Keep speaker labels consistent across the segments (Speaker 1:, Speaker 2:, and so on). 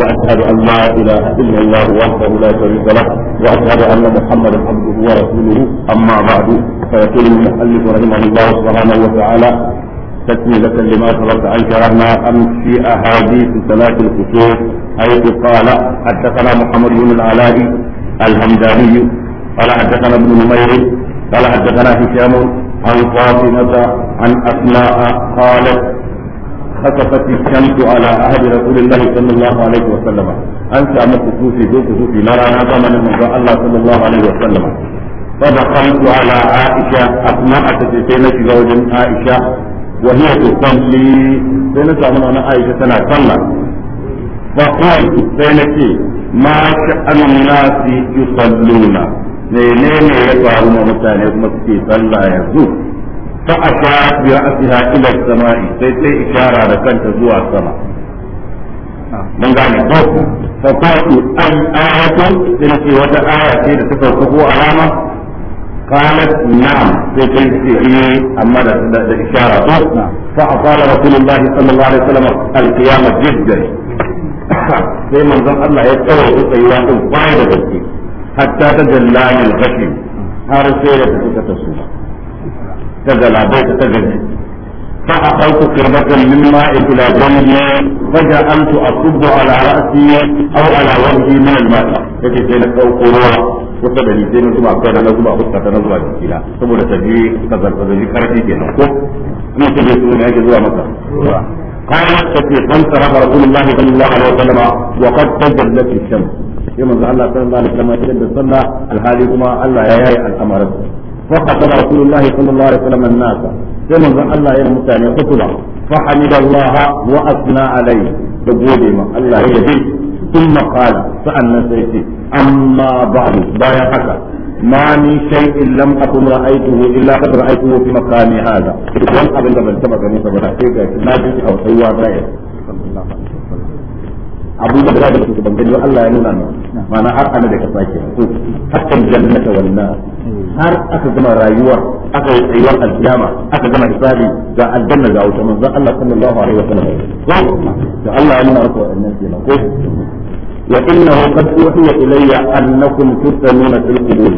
Speaker 1: واشهد ان لا اله الا الله وحده لا شريك له واشهد ان محمدا عبده ورسوله اما بعد فيقول المؤلف رحمه الله سبحانه وتعالى تكملة لما سبق أن شرحنا أمس في أحاديث ثلاث الفصول حيث قال حدثنا محمد بن العلاء الهمداني قال حدثنا ابن نمير قال حدثنا هشام عن فاطمة عن أسماء قالت خسفت الشمس على عهد رسول الله صلى الله عليه وسلم أنت أما كسوفي دو كسوفي نرى هذا من منزع الله صلى الله عليه وسلم فدخلت على عائشة أثناء تسيسينة زوج عائشة وهي تصلي سينة من أنا عائشة سنة صلى فقلت سينة ما شأن الناس يصلون menene ya faru ma mutane kuma suke sallah yanzu فأتى برأسها إلى السماء سيتي إشارة لكن تزوى السماء نعم. من قال فقالت آية تلك وتآية آية تفوقه علامة قالت نعم سيتي في إيه، أما الإشارة نعم. فأطال رسول الله صلى الله عليه وسلم القيامة جدا sai manzon Allah ya tsawo su tsayuwa din baya da gaske hatta ta jalla gashi har sai da suka تجلبيت فأخذت قربة من ماء إلى غيري فجعلت أصب على رأسي أو على وجهي من الماء yake sai na ɗauko ruwa kusa da ni sai na zuba kai da na zuba fuska ta na zuba jikina saboda ta je ta zarfafa karfi kenan ko ina ta je su ne ake zuwa maka قالت تتي فانصرف رسول الله صلى الله عليه وسلم وقد تجلت الشمس يوم الله صلى الله عليه وسلم يجد الهادي كما الله يا يا الأمر فخطب رسول الله صلى الله عليه وسلم الناس كما من الله يا متاني خطبه فحمد الله واثنى عليه تقولي ما الله يهدي ثم قال فأنا سيتي أما بعد بايا حكا ما من شيء لم أكن رأيته إلا قد رأيته في مكاني هذا وأنا أبن لما التبقى نسبة نحكيك ناجي أو سيوا غير abu da da su ban gani Allah ya nuna mana ma'ana har ana da kasa ke ko hatta jannata wal har aka gama rayuwa aka yi tsayuwar aljama aka gama hisabi ga aljanna ga wuta manzon Allah sallallahu alaihi wasallam ko to Allah ya nuna ko annan ke ko wa innahu qad uhiya ilayya annakum tusanuna fil qubur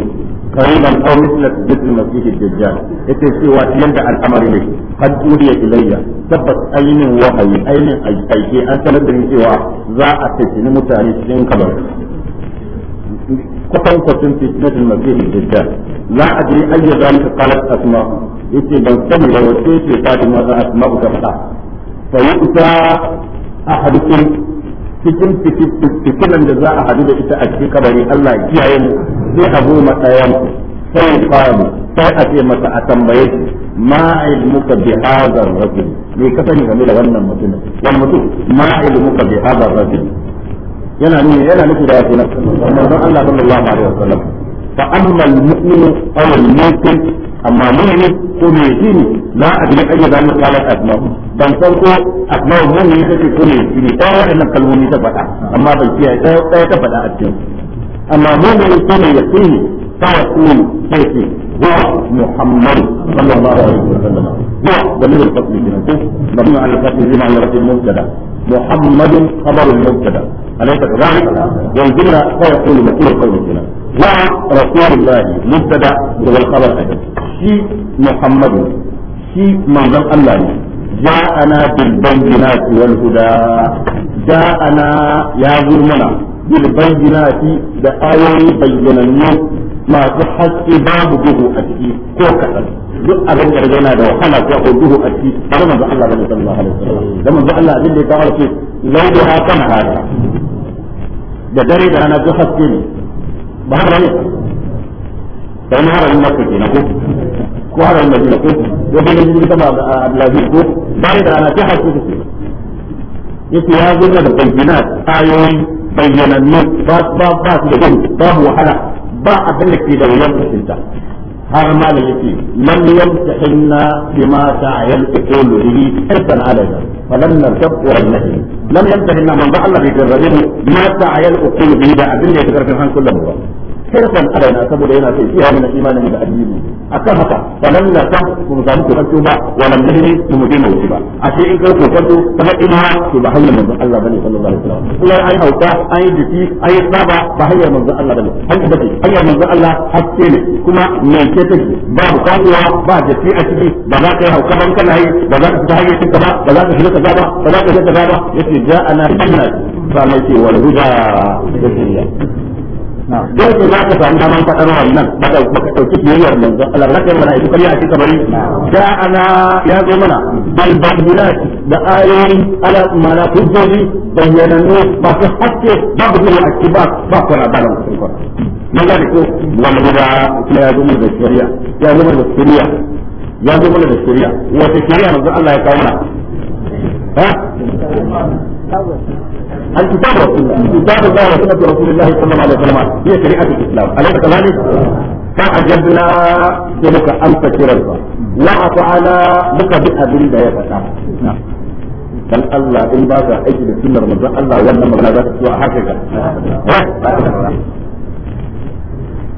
Speaker 1: قريبا aw mithla مثل المسيح الدجال yake cewa yanda al'amari ne kad uriya ilayya tabbas ainin wahayi ainin aike an sanar da ni cewa za a fitini mutane cikin kabar kwatan kwatan fitnatul masih dajjal la adri ayya zalika qalat asma yake ban sani ba wace ce fatima za asma ta fada fa a ahadukum cikin fitinan da za a hadu da ita a cikin kabari Allah ya kiyaye mu zai abu matsayan sai famu sai a ce masa a tambaye shi ma ilmuka bi hadha rajul me ka sani game da wannan mutum wannan mutum ma ilmuka bi hadha rajul yana nuni yana nufi da sunan manzon Allah sallallahu alaihi wasallam fa amma al-mu'minu aw al-mu'min amma mu'mini ko me yini la adri ayi da mu kala asma dan san ko asma mu'mini take ko me yini ta wannan kalmomi ta faɗa amma ban kiyaye ta ta faɗa a cikin amma mu'mini ko me yini فيقول كيف هو محمد صلى الله عليه وسلم هو ضمير الفصل في مبني على الفصل بما على المبتدا محمد خبر المبتدا أليس كذلك؟ والجملة فيقول مثل قول الجملة ورسول الله مبتدا هو الخبر أيضا شي محمد شي منظر الله جاءنا بالبينات والهدى جاءنا يا ظلمنا بالبينات بآية بيننا masu haske babu duhu a ciki ko kaɗan duk abin da yana da wahala ko ko duhu a ciki ba manzo Allah bane sallallahu alaihi wasallam dan manzo Allah abin da ya kawo ce lauda ha kana hada da dare da rana duk haske ne ba har ne dan haramin makka kenan ko ko haramin madina ko wajen da yake sama Abdullahi ko dare da rana duk haske ne yake ya zo da bayyana ayoyi bayyanannu ba ba ba su da babu wahala ba abin da ke da wuyan fahimta har malam yake lam yamtahinna bima ta'ayyal qulu bihi irsan alayna falam narkab wa nahi lam yamtahinna man ba Allah bi jarrabihi ma ta'ayyal qulu bihi da abin da ya karfin han kullum ba shirkan alaina saboda yana sai iya mana imanin da addini akan haka wannan na ta mun samu kokarto ba ne ne mu dena wuce ba a ce in kai kokarto kamar ina to ba hanyar manzon Allah bane sallallahu alaihi wasallam kuma ai hauka ai diki ai saba ba hanyar manzon Allah bane hanya bace hanyar manzon Allah hakke ne kuma ne ke take ba bukatuwa ba diki a ciki ba za ka yi hauka ban kana yi ba za ka fita hanyar cinka ba ba za ka shiga kaza ba ba za ka shiga kaza ba yace ana sunna ba mai ce wal huda da shari'a dole ne za ka samu daman faɗar wannan baka ka dauki biyayyar manzon Allah ba kai mana idan ya ci kamar da ana ya zo mana bal babulat da ayoyi ala mana hujjoji bayyananu ba su hakke babu ne a kiba ba ku na balan ku mun gane ko wannan da ya zo mana da shari'a ya zo mana da shari'a ya zo mana da shari'a wata shari'a manzon Allah ya kawo mana ha
Speaker 2: الكتاب والسنة كتاب الله وسنة رسول الله صلى الله عليه وسلم هي شريعة الإسلام أليس كذلك؟
Speaker 1: فعجبنا بك أن بك بأبن يا نعم dan Allah in ba ka aiki da sunnar manzon Allah wannan magana za ta haka ga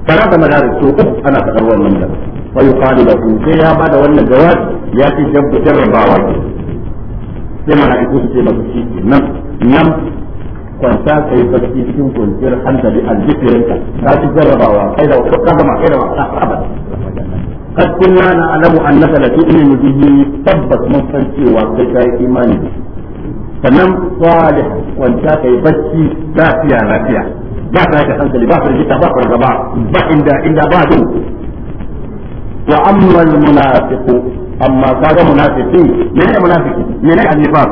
Speaker 1: kana da madaris to ana wannan ya bada wannan jawabi ya ce jarrabawa sai mala'iku su ce masu shi nan nan kwanta ka yi barci cikin kwanciyar hankali a jikirinka ka ci jarrabawa kai da wata kaga ma kai da wata abada kad kunna na'lamu annaka la tu'minu bihi tabbas mun san cewa kai kai imani sannan salih kwanta ka yi barci lafiya lafiya ba ta ka hankali ba firgita ba fargaba ba inda inda ba dun wa amma al-munafiqu amma kaga munafiki ne ne munafiki ne ne annifaq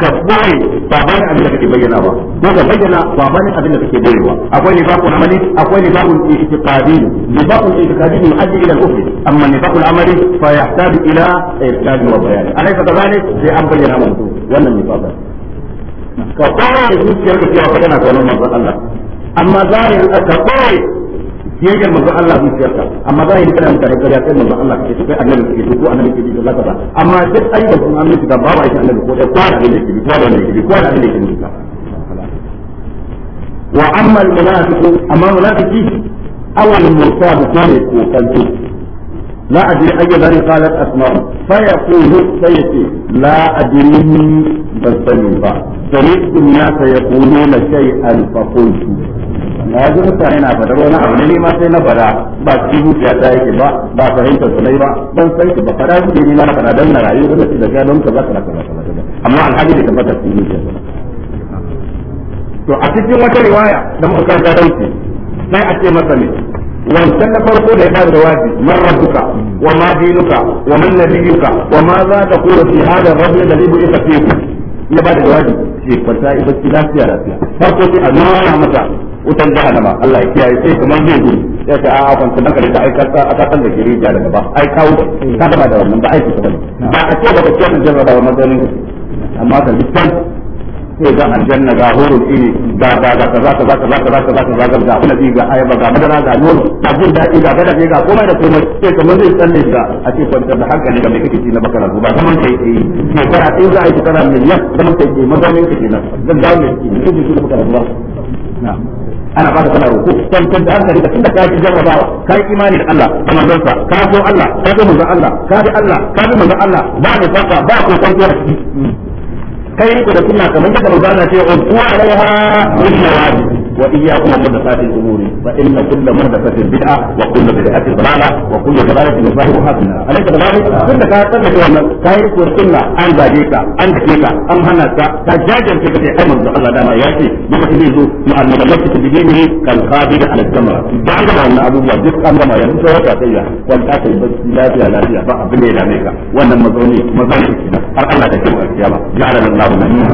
Speaker 1: ka boye baban abin da kake bayyana ba ko ka bayyana baban abin da kake boyewa akwai nifaqul amali akwai nifaqul i'tiqadi nifaqul i'tiqadi yu'addi ila al-kufr amma nifaqul amali fa yahtaju ila irshad wa bayan alaysa kadhalik sai an bayyana mutum wannan nifaq ka boye zuciyarka cewa kana kaunar manzon Allah amma zahirin ka boye biyayyar manzo Allah zuciyarka amma za a yi kana mutane kariya sai manzo Allah ke so annabi ke so ko annabi ke so zaka ba amma duk ayyukan sun annabi da babu aikin annabi ko da fara da yake ko da yake ko da yake wa amma al-munafiqu amma munafiqi awal murtad kane ko kalbi لا أدري أي ذري قالت أسماء فيقول سيتي لا أدري بس سمعت الناس يقولون شيئا فقلت na ji mutane na fadar wani abu ne ma sai na bada ba cikin zuciya ta yake ba ba fahimtar su ba ban san ki ba fada ba na fada na rayu don ci da ga don ba kaza kaza amma alhali da tabbata cikin zuciya to a cikin wata riwaya da muka karanta dauke sai a ce masa ne wancan na farko da ya bada jawabi man rabbuka wa ma dinuka wa man nabiyuka wa ma za ka kula fi hada rajul da libu ita fiku ya bada jawabi shi kwanta ibaki lafiya lafiya farko sai a nuna masa wutan jahannama Allah ya kiyaye sai kamar zai gudu ya ce a ban san kare ta aika ta aka san da ke rijiya daga ba ai kawo ka da wannan ba aiki ta bane ba a ce ba ka ce mun jarraba wannan ganin amma ka dukkan sai ga aljanna ga hurul ini ga ga ga kaza kaza kaza kaza kaza kaza ga ga kulabi ga ayaba ga madara ga nono ga jin daɗi ga gada ga komai da komai sai kamar zai tsalle ga a ce kwanta da hankali ga mai kake ci na bakara ba kamar kai ke yi shekara ɗaya za a yi shekara miliyan kamar kai ke mazamin kake na zan dawo ne ki kake ci na bakara ba ana ba da kana roƙo kan kan da hankali ka tunda ka ji jarrabawa ka yi imani da Allah da manzon ka so Allah ka so manzon Allah ka bi Allah ka bi manzon Allah ba ne fata ba ko kwanciyar kai ku da suna kamar da ba za Allah ce ku alaiha bil nawajib وإياكم محدثات الأمور فإن كل محدثة بدعة وكل بدعة ضلالة وكل ضلالة مصاحبها في النار أليس كذلك؟ كنت كاتبت وأن كايك والسنة أن زاجيك أن تكيك أم هناك تجاجا في كتير أمر الله دام يأتي يمكن مع المتمسك بدينه كالقابل على الجمرة بعد ما أن أبو الله جزء أمر ما يمشي وكاتية والآتي بس لا فيها لا فيها بقى بني لاميك وأن المزعوني مزعوني كده الله تكيب القيامة جعلنا الله منه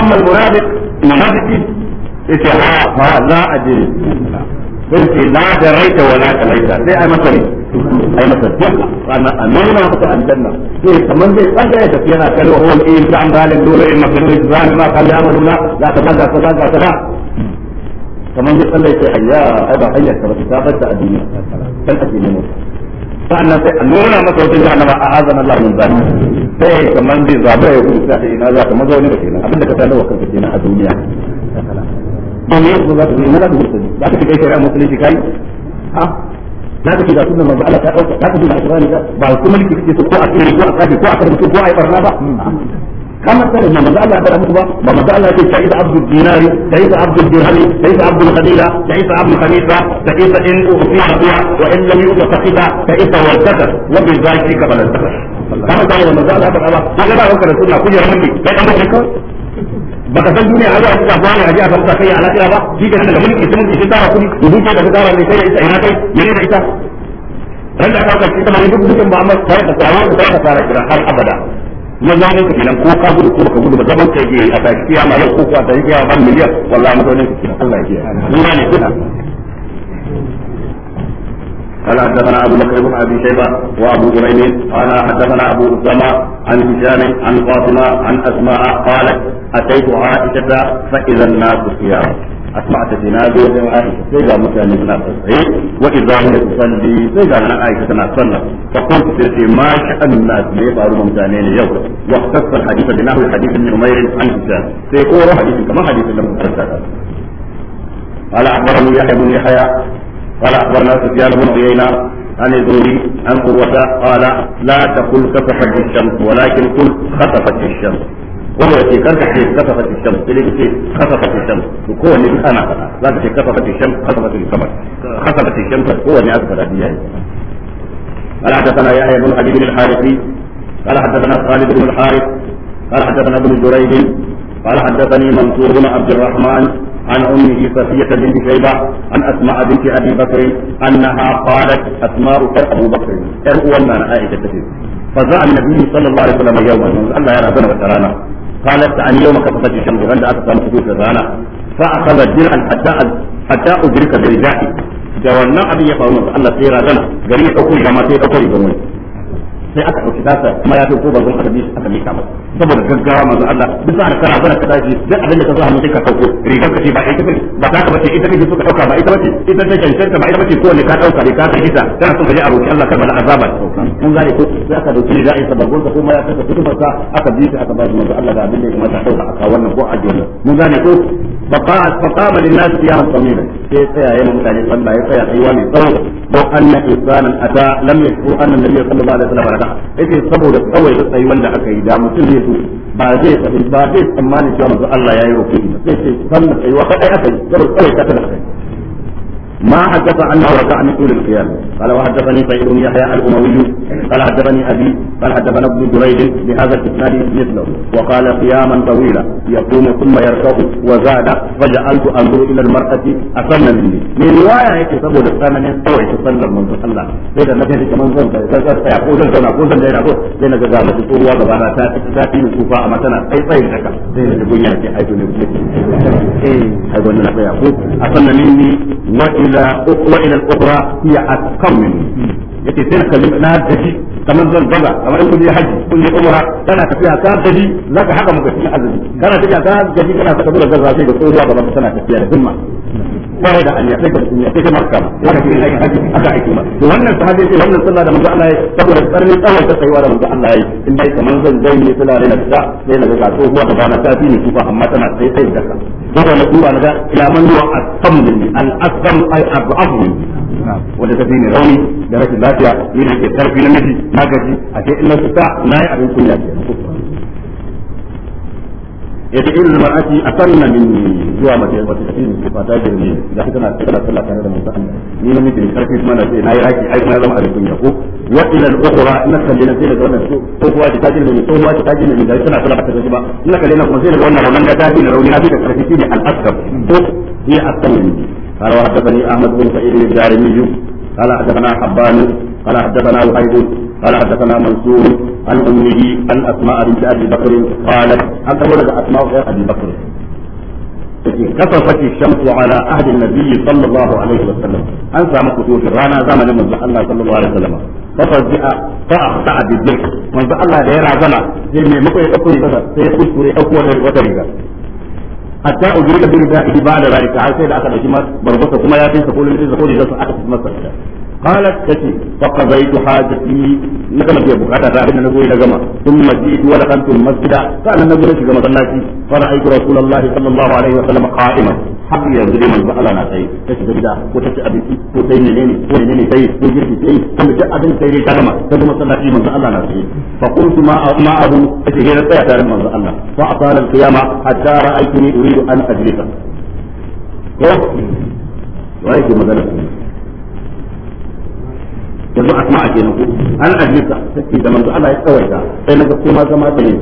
Speaker 1: أما المنافق منافقين yace ha fa za a je sai ce la da raita wala ta raita sai ai masa ai masa duka ana amina maka aljanna sai kaman zai tsaka ya tafi yana kalwa wal oh, in ta ambalin dole in maka ne zan ma kalli amaluna za ka kaza kaza kaza kaman zai tsalla sai ayya ai ba hanyar ka ta bata a duniya dan ake nemo sa'annan sai a nuna masa wajen jahannama a azan Allah min zani sai kaman zai zaba ya kuma sai ina za ka mazauni da kenan abinda ka sanar kanka kenan a duniya to a kiri ko a a karbi a yi barna ba kamar tare da mabu alaka da mutu ba ba mabu da mabu alaka da mutu ba ba ba ba ba ba ba ba baka san duniya a zuwa kuka fara aje a kan kuka kai a lafiya ba shi ke daga mulki sun ki tara kuɗi ya huta da tsara mai kai ita ina kai ya ne da ita randa ta kai ita mai duk dukkan ba amma sai da tsara ka tsara fara kira har abada na zama ka kinan ko ka gudu ko ka gudu ba zaman kai a tashi kiyama yau ko ko a tashi kiyama ban miliyan wallahi mutanen kina Allah ya kiyaye ne kuna قال حدثنا ابو بكر بن ابي شيبه وابو جريم قال حدثنا ابو اسامه عن هشام عن فاطمه عن اسماء قالت اتيت عائشه فاذا الناس صيام اسمعت جنازه عائشه فاذا مكان من صحيح واذا هي تصلي فاذا انا عائشه تصلى فقلت في ما شان الناس ليه صاروا ممتانين اليوم واختص الحديث بنحو الحديث ابن عمير عن هشام سيقول حديث كما حديث لم قال اخبرني يحيى بن يحيى قال اخبرنا سفيان بن عيينه عن الزهري عن قروة قال لا تقل كسفت الشمس ولكن قل خسفت الشمس وهو يأتي كان تحديد كسفت الشمس اللي يأتي خسفت الشمس وكون اللي أنا لا تأتي كسفت الشمس خسفت القمر خسفت الشمس هو اللي أثبت فيها قال حدثنا يحيى بن حبيب الحارثي قال حدثنا خالد بن الحارث قال حدثنا ابن جريج قال حدثني منصور بن عبد الرحمن عن امه صفيه بنت شيبه عن اسماء بنت ابي بكر انها قالت اسماء ابو بكر ارؤوا لنا عائشه كثير فجاء النبي صلى الله عليه وسلم يوما الله يرى ربنا وترانا قالت عن يوم كفتت الشمس غدا اتت سكوت الرانا فاخذ درعا حتى حتى ادرك برجائي جوانا أبي abin الله سيرا masa Allah sai razana gari ya sai aka ɗauki nasa kuma ya ko bazon aka mishi aka mika masa saboda gaggawa manzo Allah duk sa kana zara ka abin da ka zo hannu sai ka sauko rigar ka ce ba ita ba ta ka bace ita kake so ka dauka ba ita bace ita ta cancanta ba ita bace ko ne ka dauka ne ka kana ka a roki Allah kar azaba ko sai aka dauki rigar ka kuma ya duk aka bi aka ba manzo Allah da abin da ya kamata dauka wannan ko a mun gane ko فقعد فقام للناس قياما طويلا كيف يا ايها المتعلم صلى يا يا ايها الصوم لو ان انسانا اتى لم يشكو ان النبي صلى الله عليه وسلم ركع ايه الصبر ده قوي ده اي wanda aka yi da mutum zai so ba zai ba zai tsammani cewa manzo Allah ya yi rukuni sai sai sannan sai wa kadai aka yi saboda kawai ka tada kai ما حدث عنه ورجع من طول القيامة قال وحدثني سعيد بن يحيى الأموي قال حدثني أبي قال حدثنا ابن جريج بهذا الإسناد مثله وقال قياما طويلا يقوم ثم يركع وزاد فجعلت أنظر إلى المرأة أسن مني من رواية هيك سبب الثمن توعي تصلى من تصلى إذا نبي لك من ظن يقول الزنا يقول الزنا يقول لنا جزاء مسطور وغبارة تاتي الكوفة أمتنا أي طيب لك زين الدنيا كي حيث نبكي أيضا نبي يقول أسن مني وإلى ila wa ila al-ukhra hiya atqam minni sai na kalli na gaji kamar zan gaba kamar in kuje haji kuje umra kana tafiya ka gaji zaka haka muka cikin azumi kana tafiya ka gaji kana saka dole zan rafi da tsohuwa gaban tana tafiya da himma a da hanya sai ka mutum sai ka haji aka aiki ma to wannan sahabi ce wannan sallah da manzo Allah ya saboda tsarin tsawon ta tsayuwa da manzo Allah ya in dai kaman zan zai ne sallah da sai na ga so kuwa gaba na tafi ne kufa amma tana sai sai da ka saboda na duba na ga ila man huwa asqam min al asqam ay wanda ta ne rauni da rashin lafiya ni da ke karfi na miji na a ce in na na yi abin kunya yace ilmar a zuwa mace ba ta ne ba ta girme da kana kana sallah tare da mutum ni na miji karfi kuma na ce na yi aiki ai na zama a ya ko wa ila al-ukhra na sai wannan ko kuwa ta ne ko kuwa ta ne da kana ba na kalle na kuma sai wannan wannan ne rauni na fi da karfi ne al قال احمد بن سعيد الجارمي قال حدثنا حبان قال حدثنا قال حدثنا منصور عن امه عن اسماء بنت ابي بكر قالت انت ولد اسماء غير ابي بكر كسفت الشمس على عهد النبي صلى الله عليه وسلم أن سامك في رانا زمن من الله صلى الله عليه وسلم ففجأ فأخطأ بالذكر من الله لا يرى زمن زي ما يقول أكون بس سيقول أكون وتريد hatta ujrika bi ridaihi ba'da zalika har sai da aka dauki masa barbasa kuma ya tinsa kullun sai zakuri da su aka tafi masa قالت تتي فقضيت حاجتي نكما في بكاتا تعرف أنه إلى جمع ثم جئت ودخلت المسجد قال النبي لك جمع الناس فرأيت رسول الله صلى الله عليه وسلم قائما حق ينزل من بألا ناسي تشي بدا وتشي أبيتي وتشي نيني وتشي نيني تي وجرتي تي ثم جاء أبن سيري كلمة ثم صلى في من بألا ناسي فقلت ما ما أظن تشي هنا تيتا من بألا فأطال القيامة حتى رأيتني أريد أن أجلسه. وايه magana yanzu asma'a kenan ko an ajlisa take da manzo Allah ya tsawaita sai na ko ma zama da ne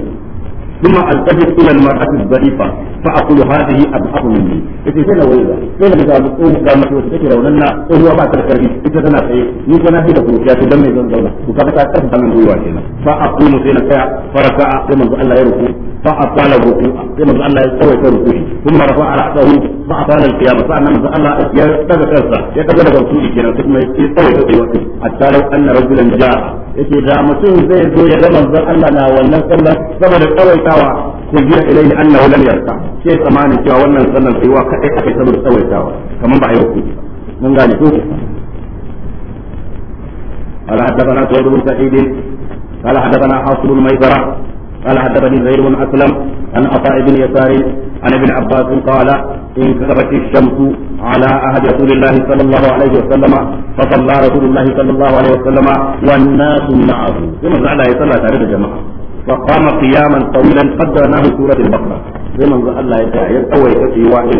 Speaker 1: ثم التفت الى المراه الضعيفه فاقول هذه اضعف مني kace sai na waiza sai na ga ko ga mace wacce take raunan na ko ruwa ba ta da karfi ita tana tsaye ni ko na fi da kuciya to dan me zan zauna ta karfa min gwiwa fa sai na tsaya faraka sai manzo Allah ya ضعف على الركوع ان الله يستوي في الركوع ثم رفع على حصاه ضعف على القيام فان من ظن الله يستوي في الركوع يتبدل الركوع كنا ثم يستوي في الركوع حتى لو ان رجلا جاء يجي جاء مسوي زي الدنيا لما ظن الله لا ولا سلم ثم يستوي توا يجي اليه انه لم يرفع شيء ثمان جاء ولا سلم في واقع اي سبب يستوي توا كما بعي الركوع من قال يقول قال حدثنا سعيد بن سعيد قال حدثنا حاصل بن ميسره قال حدثني زهير بن اسلم عن عطاء بن يسار عن ابن عباس قال انكسرت الشمس على عهد رسول الله صلى الله عليه وسلم فصلى رسول الله صلى الله عليه وسلم والناس معه ثم جعل يصلى تاريخ الجماعه فقام قياما طويلا قدرناه سوره البقره sai manzo Allah ya ta ya kawai ta yi wani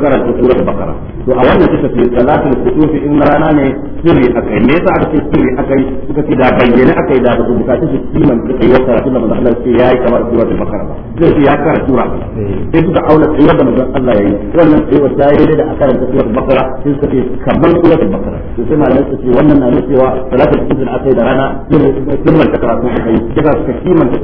Speaker 1: karanta surar bakara to a wannan kisa salatul kusufi in rana ne sirri akai me yasa aka ce sirri akai suka ce da bayyana akai da ba su su kiman da kai wata rasul manzo Allah ce yayi kamar bakara ba zai ya kara sura sai suka aula tsayar da manzo Allah yayi wannan tsayar da aka karanta surar bakara sai suka ce kamar bakara to sai malamai su ce wannan na nuna salatul akai da rana sirri kiman ta karatu akai kisa suka kiman ta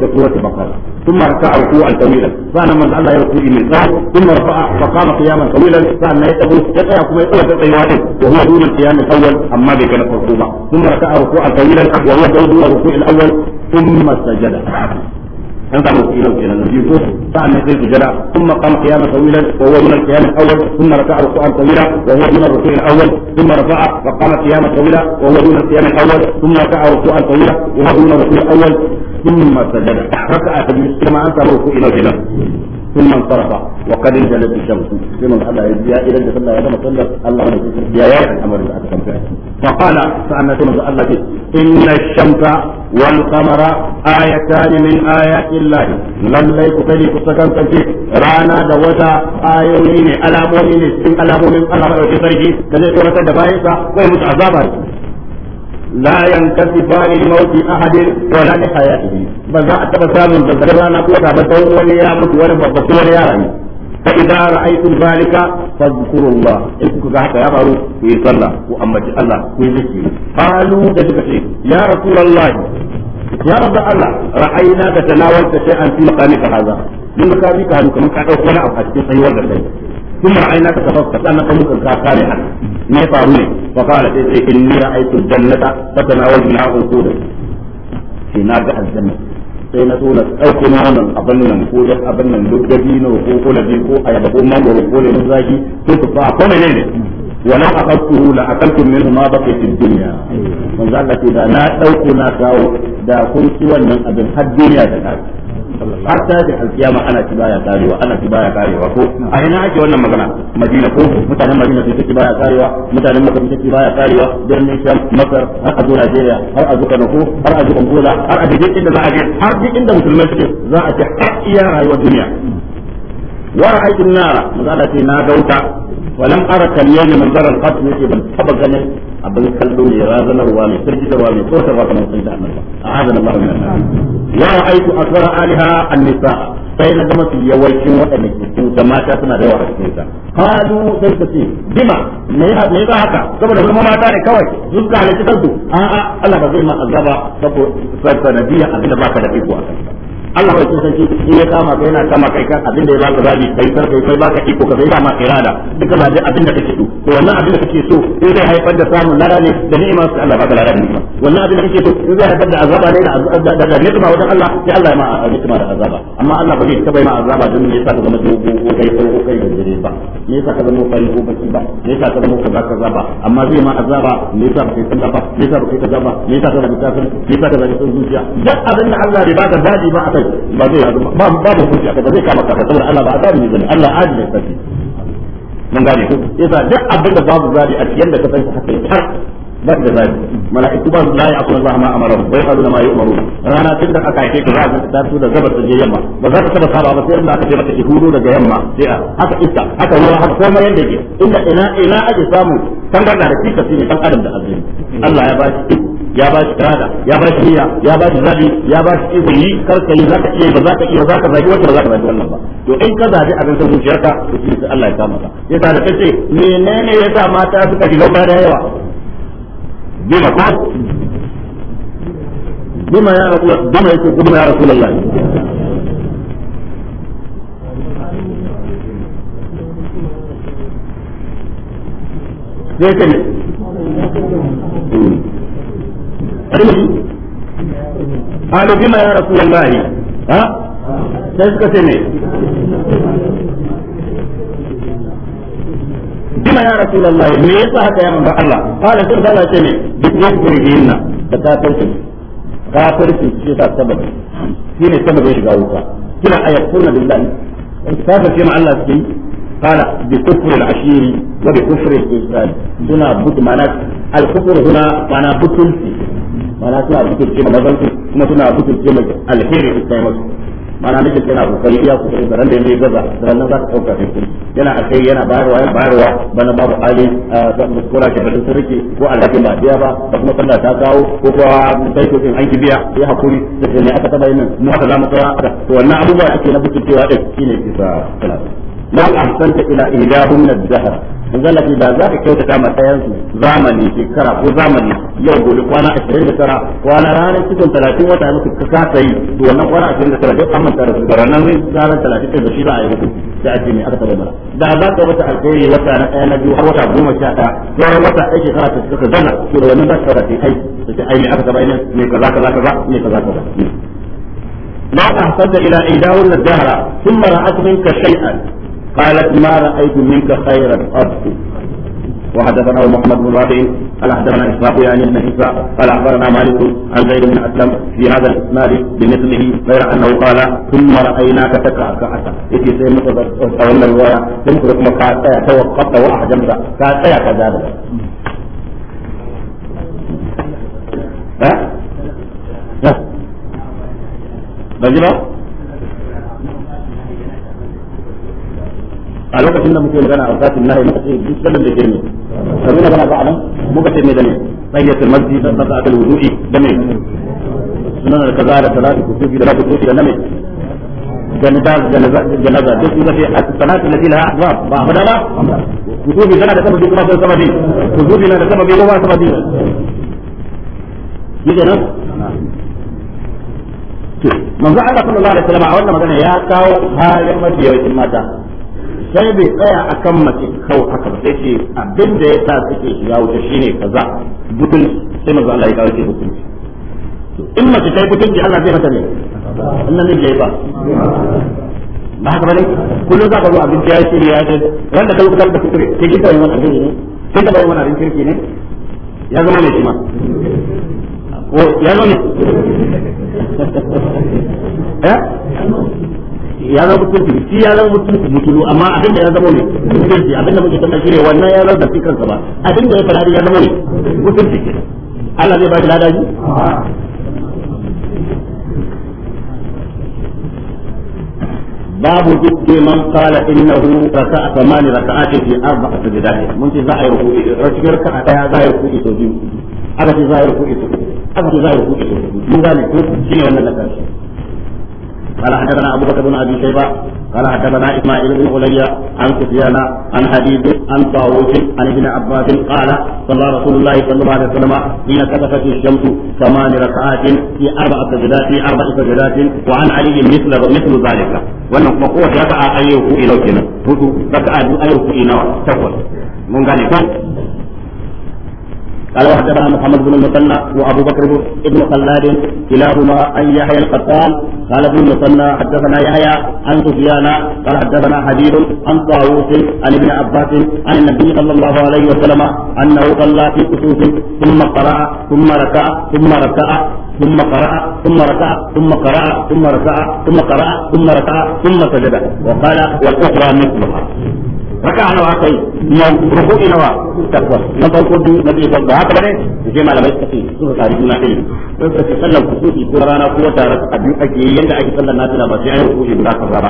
Speaker 1: da surar bakara ثم ركع ركوعا طويلا فانا من الله يرسل من قال ثم رفع فقام قياما طويلا فان يدعو يقع كما يقول في وهو دون القيام الاول اما بك الفرقوبه ثم ركع ركوعا طويلا وهو دون الركوع الاول ثم سجد ثم قام قياما طويلا وهو من القيام الاول ثم رفع ركوعا طويلا وهو من الركوع الاول ثم رفع وقام قياما طويلا وهو من القيام الاول ثم رفع ركوعا طويلا وهو من الركوع الاول ثم سجد ركع سجد كما انت الركوع الى الجنه ثم انصرف وقد انزلت الشمس ثم الله يا الى ان صلى الله صلى الله عليه وسلم يا يا الامر فقال فانا ثم الله ان الشمس والقمر آيتان من آيات الله lallai ku sani ku sakan rana da wata ayoyi ne alamomi ne cikin alamomin Allah madaukakin sarki da zai tsoratar da bayansa ko ya mutu azaba لا ينكسفان لموت احد ولا لحياته بذا اتبسام بذا رانا كوتا بتو ولي يا مت ولا بابا ولا يا رامي fa idza ra'aytum zalika ga haka ya faru ku yi sallah ku ambaci Allah ku yi zikri qalu da suka ce ka tanawal ka hadha min maqami ka hadu ka dauko a cikin sayuwar da kai ya faru ne fa qala sai inni ra'aytu jannata fa tanawal min na ga al sai na so na ɗauki naman abin nan ko ya abin nan duk dabino ko kulabi ko ayaba ko mangoro ko lemun zaki ko tufa ko menene wala aqadtuhu la aqaltum minhu ma baqiya fi dunya manzo Allah ce da na ɗauko na kawo da kun ci wannan abin har duniya da kai har tajin alkiyama ana ci baya karewa ana ci baya karewa ko a ina ake wannan magana madina ko mutanen madina sun ci baya karewa mutanen makka sun ci baya karewa birnin sham masar har a zo najeriya har a zo kano har a zo angola har a duk inda za a je har duk inda musulmai suke za a ce har iya rayuwar duniya wa ra'aytu nara maza da ce na dauka walam ara kal yawma manzara al-qatl yake ban taba ganin abin kallo mai razanarwa mai firgitarwa mai tsotarwa kamar sun da annabi a hadana Allah min annabi ya aiku asara aliha annisa sai na ga masu yawancin waɗanda ke su da mata suna da yawa a cikin sa kalu sai ka ce bima me ya me ba haka saboda kuma mata ne kawai su suka halitta kansu a a Allah ba zai ma azaba saboda sanadiyya abin da baka da iko a kai. Allah bai kusanci in ya kama kai yana kama kai kan abin da ya baka zabi kai kar kai kai baka iko ka bai dama irada duka ba abin da kake so to wannan abin da kake so in zai haifar da samun lada ne da ni'ima su Allah ba da lada ne wannan abin da kake so in zai haifar da azaba ne da da ni'ima wajen Allah sai Allah ya ma ni'ima da azaba amma Allah ba zai taba ma azaba don ne yasa ka zama dogo ko kai ko kai da dare ba ne yasa ka zama fari ko baki ba ne yasa ka zama kaza kaza ba amma zai ma azaba ne yasa kai kaza ba ne yasa kai kaza ba ne yasa ka zama kafir ne yasa ka zama zuciya duk abin da Allah bai baka dadi ba akai ba zai ba ba hujja ba zai kama ka saboda Allah ba azabi ne Allah adalci mun gane ko yasa duk abin da babu zabi a da ka san ka haka tar ba da zabi mala'iku ba la ya akuna zama amara bai hadu da ma yu'maru rana tun da aka yake za a ta su da gabar da je yamma ba za ka taba saba ba sai inda aka ce maka ihudu daga yamma sai a haka iska haka ruwa haka komai yanda yake inda ina ina ake samu tangarda da kika ne dan adam da azumi Allah ya ba shi ya ba shi rada ya ba shi ya ba shi zabi ya ba shi iko izini kar ka yi ka iya ba zaka iya zaka zaki wata ka zabi wannan ba to in ka zabi abin zuciya ka to shi sai Allah ya kama ka yasa da kace menene yasa mata suka shiga ba da yawa bima ko bima ya rasul bima yake bima ya rasulullah
Speaker 2: sai ka ne قالوا بما يا رسول
Speaker 1: الله ها تسكت bima ya rasulullah me yasa haka ya manzo Allah qala sun fara ce ne duk yakfurihinna da kafirci kafirci shi ne sababin shiga wuta kina ayatuna billahi kafirci قال بكفر العشير وبكفر الإنسان دون بد الكفر هنا معنى بطل mana suna fitar ke mazan kuma suna fitar ke mai alheri su kai masu mana nake yana kokari iya kokari da randa yayi gaza da ranan za ka dauka kai yana akai yana bayarwa yana bayarwa bana babu ali da muskura ke da sarki ko alhaji ba biya ba da kuma sallah ta kawo ko ko sai ko an ki biya ya hakuri da ne aka taba yin mu aka zamu kira to wannan abubuwa ake na bincikewa din shine kisa talaka لو احسنت الى ايجاهم من الذهب وقال لك اذا ذاك كيف تتعامل معك ينسوا زامني في كرا وزامني يقول لك وانا 20 كرا وانا انا كنت 30 وانا انا كنت كاسعي وانا انا 20 كرا جو اما انت رسل كرا انا انا 30 كرا بشيطة ايه بكم تأجيني اكتب المرأة ده ذاك وقت الخير وقت انا انا جو هو وقت ابو مشاكا وانا وقت اي تسكت زمع شو انا بس كرا في اي اي من اكتب اينا ميك الله كلا كلا ميك الله كلا ما الى ايجاهم من ثم رأت منك شيئا قالت ما رأيت منك خيرا قط وحدثنا محمد بن رافع قال حدثنا اسحاق يعني ابن اسحاق قال اخبرنا مالك عن زيد بن اسلم في هذا الاسناد بمثله غير انه قال ثم رايناك تكع كعسى اتي سي او ان الروايه لم تكن كعسى آية توقفت واحجمت كعسى آية كذلك ها؟ ها؟ a lokacin da muke magana a zafin lahi muka ce duk sanin da ke ne kamar gana ba a nan muka ce ne da ne tsayyatul masjid da tsaka akal wudu'i da ne sunan da kaza da kaza da kusubi da kusubi da ne جنازة جنازة جنازة دي ba ba التي لها أسباب ما بدلا وجود لنا سبب دي كما سبب دي وجود لنا سبب دي كما سبب دي يجينا manzo Allah sallallahu alaihi wasallam a wannan magana ya kawo halin mafiyawancin mata sai bai tsaya a kan mace kawai haka ba sai ce abin da ya sa suke shiga wuce shi ne ka za butun sai manzo Allah ya kawo ce butun in mace ta yi butun ji Allah zai mata ne in nan ne ba ba haka bane kullum za ka zo abin ya shirya ya ce wanda da yi kusan da kuka ke kika yin wani abin ne sai ka yin wannan abin kirki ne ya zama ne shi ma ko ya zama ne ya zama mutunci shi ya zama mutunci mutulu amma abin da ya zama ne mutunci abin da muke tambaya ne wannan ya zama da kansa ba abin da ya fara ya zama ne mutunci Allah zai ba shi ladaji babu ke man kala innahu raka'a thamani ne mun ce za a yi ruku'i rashin daya za a yi biyu aka ce za a yi aka ce za a yi biyu mun gane ko wannan karshe قال حدثنا ابو بكر بن ابي شيبه قال حدثنا اسماعيل بن علي عن سفيان عن حبيب عن طاووس عن ابن عباس قال صلى رسول الله صلى الله عليه وسلم حين كتفت الشمس ثمان ركعات في اربع سجدات في اربع سجدات وعن علي مثل مثل ذلك wannan kuma kowace raka'a ayyuku ilo kenan hudu raka'a biyu ayyuku ina takwas mun gane ko قال وحدثنا محمد بن المثنى وابو بكر بن خلاد كلاهما عن يحيى القتال قال ابن المثنى حدثنا يحيى عن سفيان قال حدثنا حبيب عن طاووس عن ابن عباس عن النبي صلى الله عليه وسلم انه صلى في كسوف ثم قرا ثم ركع ثم ركع ثم قرأ ثم ركع ثم قرأ ثم ركع ثم قرأ ثم ركع ثم سجد وقال والأخرى مثلها raka nawa aka yi na ruku'i nawa tabbas na farko biyu na biyu ba haka bane sai malamai suka ce suka kare juna ilimi sai suka ce sallar kusufi ko rana ko wata raka biyu ake yi yanda ake sallar nafila ba sai an ruku'i ba ka ba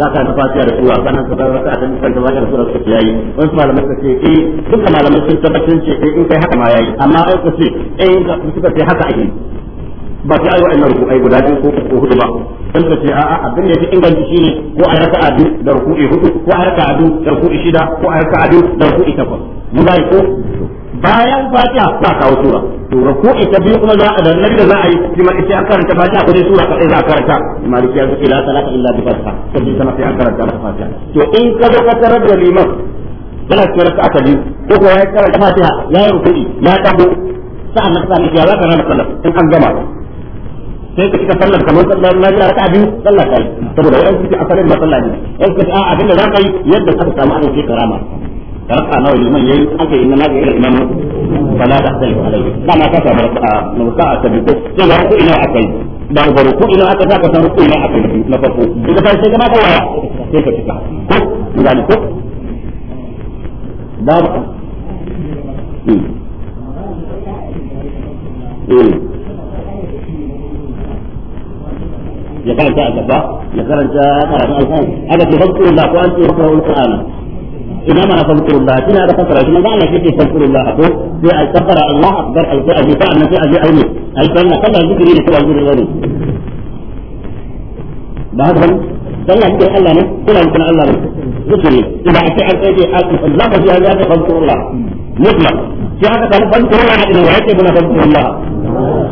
Speaker 1: za ka ta fatiha da sura sannan ka bar raka'a din kan tawakkal sura ka yayi wasu malamai suka ce eh duka malamai sun tabbatar ce eh, in kai haka ma yayi amma ai ku ce eh suka ce haka ake ba sai ayi wa'annan ruku'ai guda biyu ko ko hudu ba dan ta ce a'a abin da yake inganci shine ko a raka'a biyu da ruku'i hudu ko a raka'a biyu da ruku'i shida ko a raka'a biyu da ruku'i takwas mun ga ko bayan fatiha ba kawo sura to ruku'i ta biyu kuma za a da nan da za a yi shi ma ita karanta fatiha ko dai sura kadai za a karanta maliki ya zuki la salata illa bi fatiha sai kana sai an karanta fatiha to in ka zo ka tarar da liman kana cikin raka'a ta biyu ko ko ya karanta fatiha ya yi ruku'i ya tabo sa'an nan sai ya za ka rana sallah in an gama sai ka cika sallar kamar sallar na jira raka biyu sallar saboda wai suke asalin ba sallar ne yan suke a abinda za ka yi yadda aka samu an ce karama raka nawa liman yayi aka yi na ga imam da sai alai kana ka samu ta sai ga ku ina akai da ku ina aka saka san ku ina akai na farko daga farko sai ka waya sai ka cika ko ko ya karanta a gaba ya karanta karatun alƙur'ani aka ce fakurullah ko an ce fakurul alƙur'ani ina ma fakurullah ina da fasara shi manzo Allah shi ke fakurullah ko sai a kafara Allah akbar alƙur'ani sai annabi aje aini alƙur'ani kada zikiri da kawai zikiri ne ba haka bane sallah zikirin Allah ne sallah zikirin Allah ne zikiri idan ake an tsaye Allah ba shi ya ga fakurullah mutlaq sai aka kana fakurullah ne da yake muna fakurullah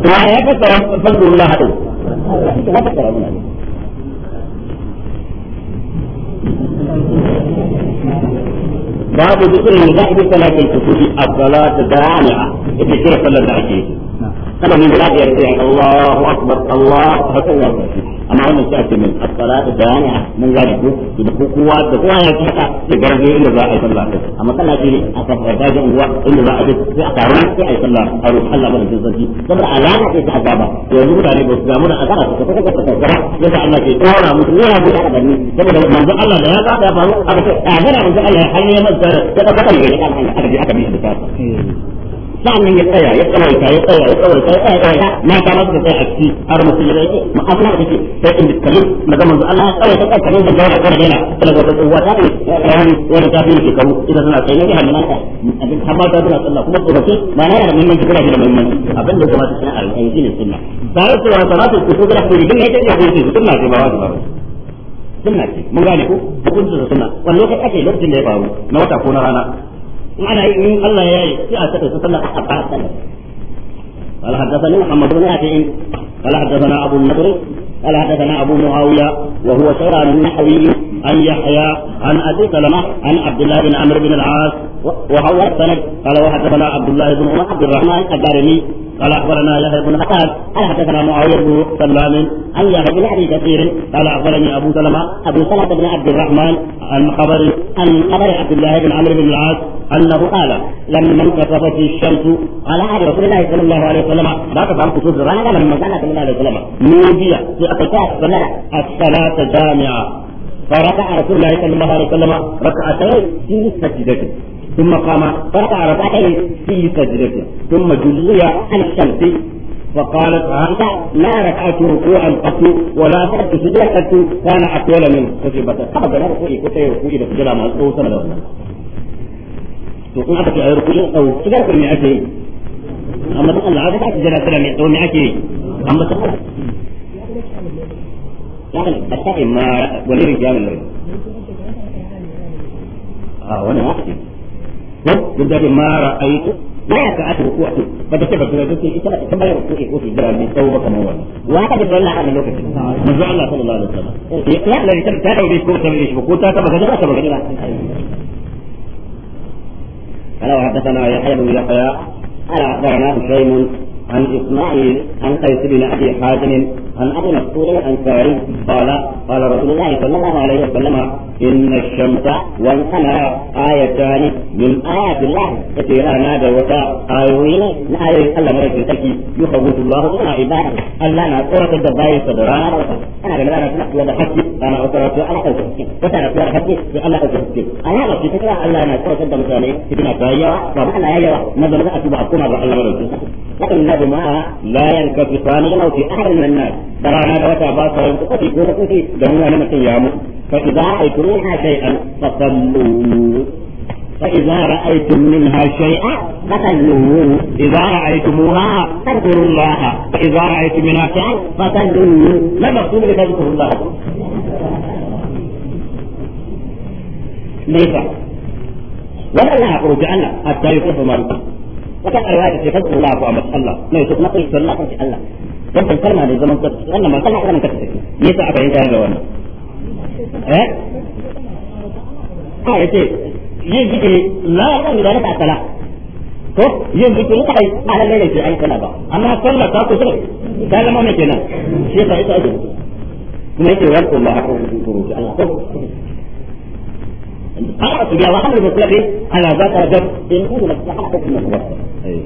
Speaker 1: to ya ka fakurullah din babu dukkan da ake kana kai kuɗi a salatu da ana ita kira sallar da ake yi kada mun da ya ce Allahu akbar Allahu akbar amma wannan shi ake min as mun gane ko da ko kowa da kowa inda za a yi sallah amma inda za a a taru a yi sallah yanzu mutane ba su damu da azaba su kafa kafa kafa a gani saboda manzon a a ga manzon Allah har sa'annan ya tsaya ya tsawaita ya tsaya ya tsawaita ya tsaya ya na ta ba su suka tsaya a ciki har mutum ya zai ma a kuma ke sai in kalli na zama zuwa Allah ya tsawaita kai kamar da gaba da yana kala ga kowa ta ne ran wanda ta fi ke karu idan suna tsaye ne hannu naka abin har mata suna tsalla kuma tsofaffi ba na yana mun kira da mun abin da kuma suna a yi shine sunna sai ko wa salatu ku da ku din ne da ya ku sunna ce ba wa sunna ce mun gane ko da sunna wani lokaci ake lokacin da ya faru na wata ko na rana ma'ana yi in Allah ya yi sai a ta tafi sallar a ba abu nadr wa huwa shara an yahya an abi salama an abdullah bin amr bin al-as wa huwa sanad qala wa hadathana abdullah قال اخبرنا يحيى بن حسان قال حدثنا معاويه بن سلام عن يحيى بن ابي كثير قال اخبرني ابو سلمه ابو سلمه بن عبد الرحمن عن خبر عن خبر عبد الله بن عمرو بن العاص انه قال لما انكسفت الشمس على عهد رسول الله صلى الله عليه وسلم لا فهم خصوص الرانا لما كان صلى الله عليه وسلم نودي في اقتاس الصلاه جامعه فركع رسول الله صلى الله عليه وسلم ركعتين في سجدته ثم قام فرفع رفعته في سجدته ثم جلي عن الشمس فقالت هذا لا ركعت ركوعا قط ولا فرد سجدة قط كان اطول من كتبته ابدا لا ركوعي كنت يركوعي بسجدة ما هو سنة لهم تقول عبد الله ركوعي او سجدة كل مئتي اما تقول الله عبد الله سجدة كل مئتي اما تقول يعني اتقي ما ولي رجال الرجل اه وانا واحد ko duk da ma ra'aytu la yakatu ruku'atu da ita ta bayar ko jira ba kamar wannan wa ka da Allah a lokacin manzo Allah sallallahu alaihi wasallam ya Allah ta ta daure ko ta ko ta ta ba عن إسماعيل عن قيس بن أبي حازم عن أبي مكتور الأنصاري قال قال رسول الله صلى الله عليه وسلم إن الشمس والقمر آيتان من آيات الله كثيرا نادى وتا آيوين لا يتكلم رجل تكي يخوف الله بنا عباده ألا نقرة الدبائي صدران أنا أنا أنا أنا أنا أنا أنا أنا haske wata na kuwa da haske sai Allah ɗauke haske a yawa ce ta kira Allah yana kawar da mutane su bina ta yawa ba ma Allah ya yawa na zama za a tuba a koma ga Allah madaukin lakin na bima la yanka fi sani yana fi ahrin nan nan da rana da wata ba sa yanku kafi ko kafi da wani mutum ya mu fa idan aikruha shay'an fa sallu فإذا رأيتم منها شيئا فتدلوه إذا رأيتموها فاذكروا الله فإذا رأيتم منها شيئا فتدلوه ما المقصود بتذكر الله nesa waɗannan haƙuru ga Allah a tare ko maru wata arwaya da ce fa Allah ko amma Allah mai su na kai Allah kan Allah wannan kalma ne zaman ta wannan ma kana kana ta ce me yasa aka yi ga wannan eh a yace yin zikiri la yaɗa da na sala ko yin zikiri kai ba lalle ne sai ai kana ba amma sallah ta ku sai ka zama mai kenan shi yasa ita ake kuma yake wa Allah ko Allah أرأت بها وحمل مطلقه على ذات رجل يكون مصلحة في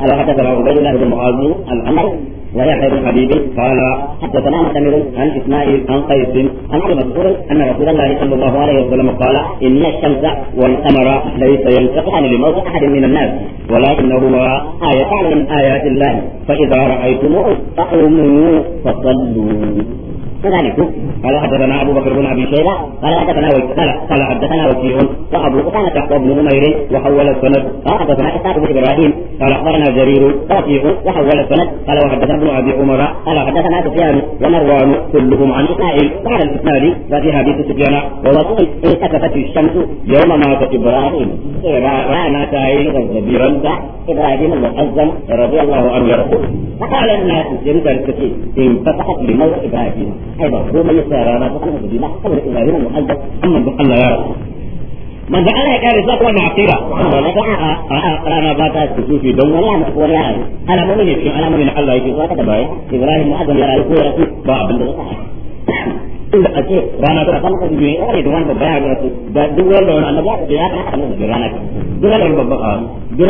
Speaker 1: على قال حدثنا عبيد الله بن معاذ الامر ويحيى بن حبيب قال حدثنا معتمر عن اسماعيل عن قيس عن ابي مسعود ان رسول الله صلى الله عليه وسلم قال ان الشمس والقمر ليس ينطقان لموت احد من الناس ولكنهما ايتان من ايات الله فاذا رايتموه فقوموا فصلوا كذلك قال حدثنا ابو بكر بن ابي شيبه قال حدثنا قال حدثنا وكيع وابو كان يحيى بن نمير وحول السند قال حدثنا اسحاق بن ابراهيم قال اخبرنا جرير وكيع وحول السند قال وحدثنا ابن ابي عمر قال حدثنا سفيان ومروان كلهم عن اسماعيل قال الاسناد وفي حديث سفيان ووقول التفت الشمس يوم مات ابراهيم رانا تايل كبيرا ابراهيم المعظم رضي الله عنه يقول فقال الناس جنود الكثير انفتحت لموت ابراهيم أيضا هو من يسوى رانا فكما تبينا قبل إبراهيم المؤلف أما بقل يا رب من ذا أنا كان يسوى وانا عقيرة رانا باتا تسوفي دون ولا مكور يا رب أنا مؤمن يسوى أنا مؤمن الله يسوى وكتبا إبراهيم مؤذن يرى يقول رسول باب الله inda a ce rana tana sama ka jiye ya da wani babba ya ga su da duk wanda wani annabi ya ce ya kamata mu da rana duk wanda wani babba ka duk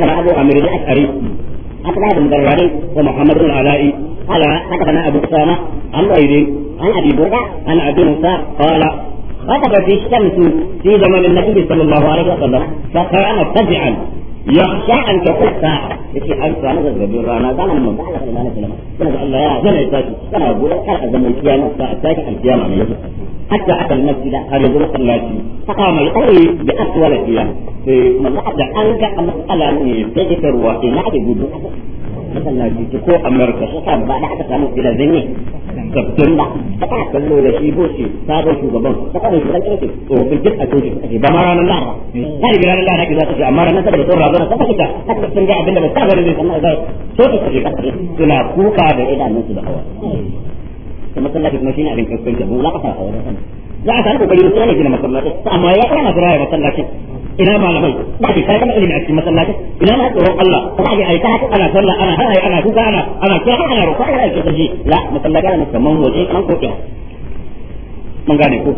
Speaker 1: wanda ya ce ya aka babu mugarware ko Muhammad bin Ala'i ala haka kana Abu Usama Allah yare an Abi Burda an Abi Musa qala wa ta bi shamsu fi zamanin Nabi sallallahu alaihi wasallam fa kana tabi'an ya sa'an ta kusa yake an samu zazzabin rana zamanin manzo ba sallallahu alaihi wasallam kana da Allah ya zana ya tashi kana gobe kar a zaman kiyama sa a tashi alkiyama ne yake hatta aka masjida har yanzu haka mai aure da aswala kiyama sai manzo Allah an ga Allah ne ya tafi ruwa da gudu kasan na jiki ko amurka su sa ba da aka samu ila ne kafin ba ta ka kallo da shi ko boshi sabon shugaban ta ka shi dan kace to bin jin a cikin kace ba ma ranar lara ta yi ranar lara ki za ta ce amma ranar ta da to razana ta kace ta ka san ga abin da ba ta gari ne sannan zai so ta kace suna kuka da idanunsu da hawa kuma lafi kuma shine abin kafin da mu la ka fara hawa za a samu kokari mutane gina masallaci amma ya kana fara masallacin ina malamai ba ki kai kana ilimi a cikin masallaci ina ma tsoron Allah ko ba ki aika haka ana sallah ana har ana kuka ana ana kira ana roƙo ana aika kaji la masallaci ana kaman waje an ko kira mun gane ko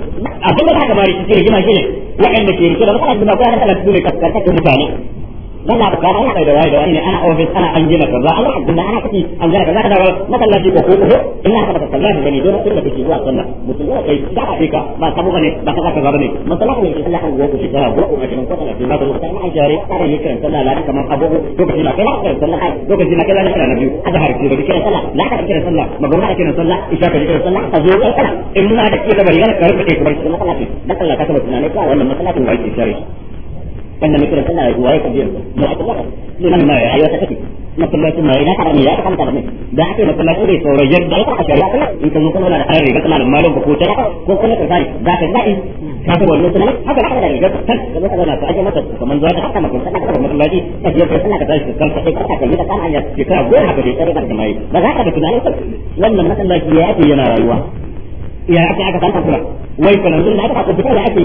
Speaker 1: abin da ka bari shi ne jima shi ne wa'anda ke rike da kuma da ba ka da su ne ka ka mutane yana da kana yana da wai da wani ana office ana an gina kaza an ana kaci an gina kaza da masallaci ko ko ko ina ka ta sallaci gani don kun kike zuwa sallah musulmi kai da ka fika ba bane ba ka masallaci ne shi a cikin da ba jare kan sallah la kamar na kai kan sallah lokaci na kai la kana biyu aka harfi da kike sallah la ka kike sallah magana kike sallah isha ka kike sallah a zo in muna da kike da bayyana ka rubuce ku bar sallah da Allah ka tabbata ne ka wannan masallacin kike shari'a wanda mai waye ka biyar mu aka ba ne nan mai ayo ta take masallacin mai na ya ne da aka masallacin da tsoro yadda ya ka shari'a kuma in ka zo kana da kare kana da malon ko ta ko kuma ka sai da ka dai ka ta wannan sunan haka da ka mata zuwa haka je ka ka ka ka anya ka gora ka dai tsare da mai ba ka da wannan masallaci ya yana rayuwa ya aka aka san ka wai zuwa ake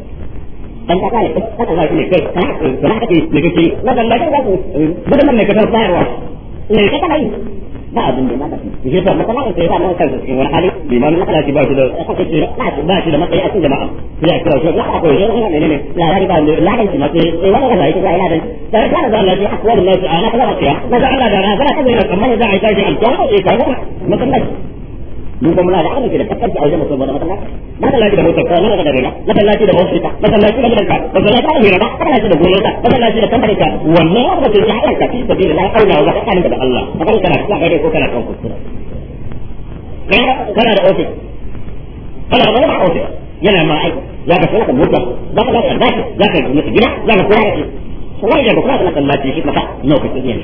Speaker 1: dan ka kare haka za ne kai kana ne ku ne ka san tsayarwa ne ka kana yi ba abin da zaka yi shi ta matsala sai ta nan kansa cikin wani hali limamin matsala ce ba shi da kanka ce ba shi da matsayi a cikin jama'a ya kira shi la akwai shi wannan ne ne la ya ba ne la kan shi ma sai sai wannan da yake sai ina dan da kana da Allah ya akwai Allah ya ana kaza ya maza Allah da na kana ka kamar da ai sai an tawo eh kai masallaci mun ba muna da arziki da takarci a wajen mutum ba da matsala masallaci da motar kawai mara da rena masallaci da motar ka masallaci da gidan ka masallaci da rena masallaci da gonar ka masallaci da kamfanin ka wannan ya rubuta shi haɗa ka sabi da lafiya auna wa tsakanin da Allah a kan kana kan gaire ko kana kan kuskure kana da ofis kana da wani ofis yana ma aiki za ka sai mota za ka lafiya za ka gida za ka kowa da shi wani da ba kuma masallaci shi maka nauka kiyar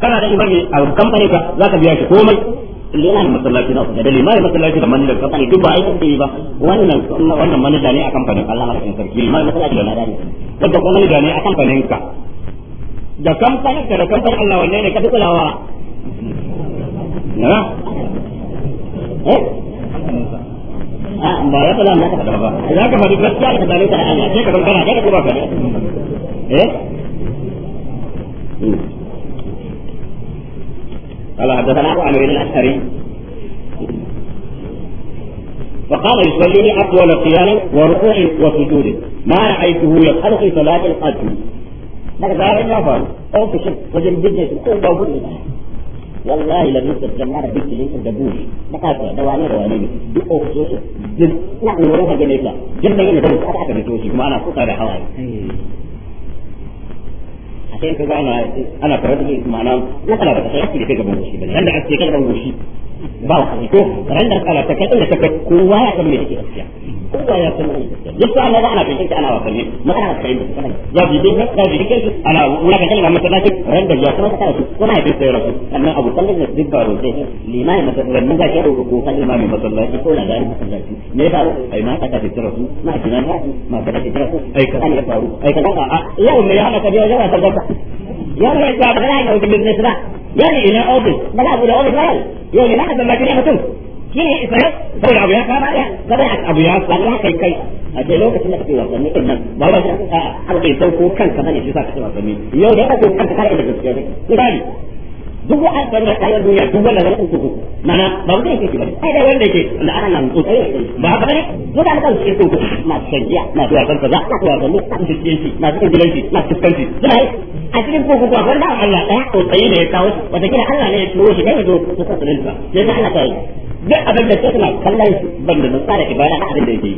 Speaker 1: kana da imani a kamfani ka za ka biya shi komai yana da masallaci na da limamin masallaci da manila kamfani duk ba aikin bai ba wannan wannan manila ne a kamfanin Allah madaukakin sarki limamin masallaci da ladani wanda kuma manila ne a kamfanin ka da kamfanin ka da kamfanin Allah wanne ne ka fi kulawa na eh
Speaker 2: ah, ba ya fara naka da ba za ka fara gaskiya ka dalilta da Allah sai ka kankana da ka kuma ka eh hmm.
Speaker 1: قال حدثنا ابو عمرو الاشعري فقال يصلي اطول قياما وركوع وسجود ما رايته يفعل في صلاه القدر لك دار ما فعل او في شك وجن بجنس كل موجود والله لم يكتب جمعنا بيت ليس انت دبوش بقاطع دواني دواني دي او في نعم نحن نروح جنيتا ما جنة بس اتعك بتوشي كما انا فقط طيب، على حوالي sai ka ga ana ana karatu ma'ana ko kana da kai da kai gaban goshi bane dan da ake kai gaban goshi ba ku ko ran da kana ta kai da ta kai kowa ya san me yake gaskiya kowa ya san me yake yasa ana ana kai ta ana wa kalli ma ana kai da kana ya bi dai ka ana wala ka ya san ka na bi rafu annan abu sallallahu alaihi wasallam baro sai limai mata ran mun ga ke da ko kan imami masallaci ko na gari masallaci ne ba ai ma ka fitar rafu ma kina ma ma ka fitar rafu ai ka ai ka yau me ya hana ka biya ya ta ya ba ya ba ya ga business ba dole ina ofis ba za a bude ofis ba yau yau ne na ka zama mutum shi ne isa yau saboda abu ya kama ya gaba ya abu ya kama ya kai kai a ce lokacin da kake wasanni din nan ba ba shi a sauko kanka bane shi sa kake wasanni yau da ya ko kanka kare da gaskiya ne duk wa'an ban da kayan duniya duk mana ba yake ai da wanda yake da ana nan ko ba ba ne mutane kan suke kuku na sanjiya na zuwa kan kaza na zuwa kan na cikin shi na cikin na cikin shi zai a cikin ko wanda Allah ya ko tsayi ne kawo wata kira Allah ne ya turo shi ka da Allah abin da suna kallon ban da ibada abin da yake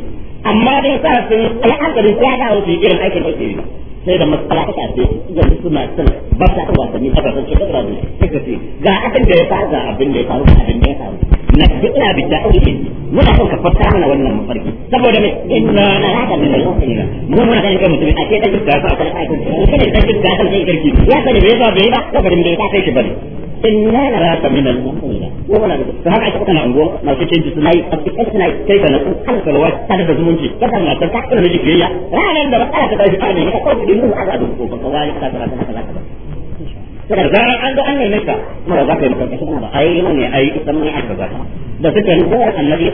Speaker 1: amma dai sa sun al'adari ya dawo su irin aikin da yake sai da matsala ta shafe yanzu suna son ba ta ta wasanni ba ta ce kadara ne sai ce ga abin da ya faru ga abin da ya faru ga abin da ya faru na bi ina bi da aure muna son ka fata mana wannan mafarki saboda me inna na haka ne mu muna ganin kai mutum a ce da duk da ka fara aikin ne kada da duk da ka sai kirki ya sani bai ba bai ba saboda bai ta kai shi bane inna naraka min al-mu'minin ko wala da haka ake kana ungo na su ce su nayi a cikin suna kai kana sun kan salwa ta da zumunci ta da mata ta kana miji biyayya ranar da ba ta tashi kana ne ko din mu aka da ko ba wai ta ta ta ta da zarar an da an ne ka mara ba ka yi maka ba ai mun ne ai idan mun aka ba da suke ne ko annabi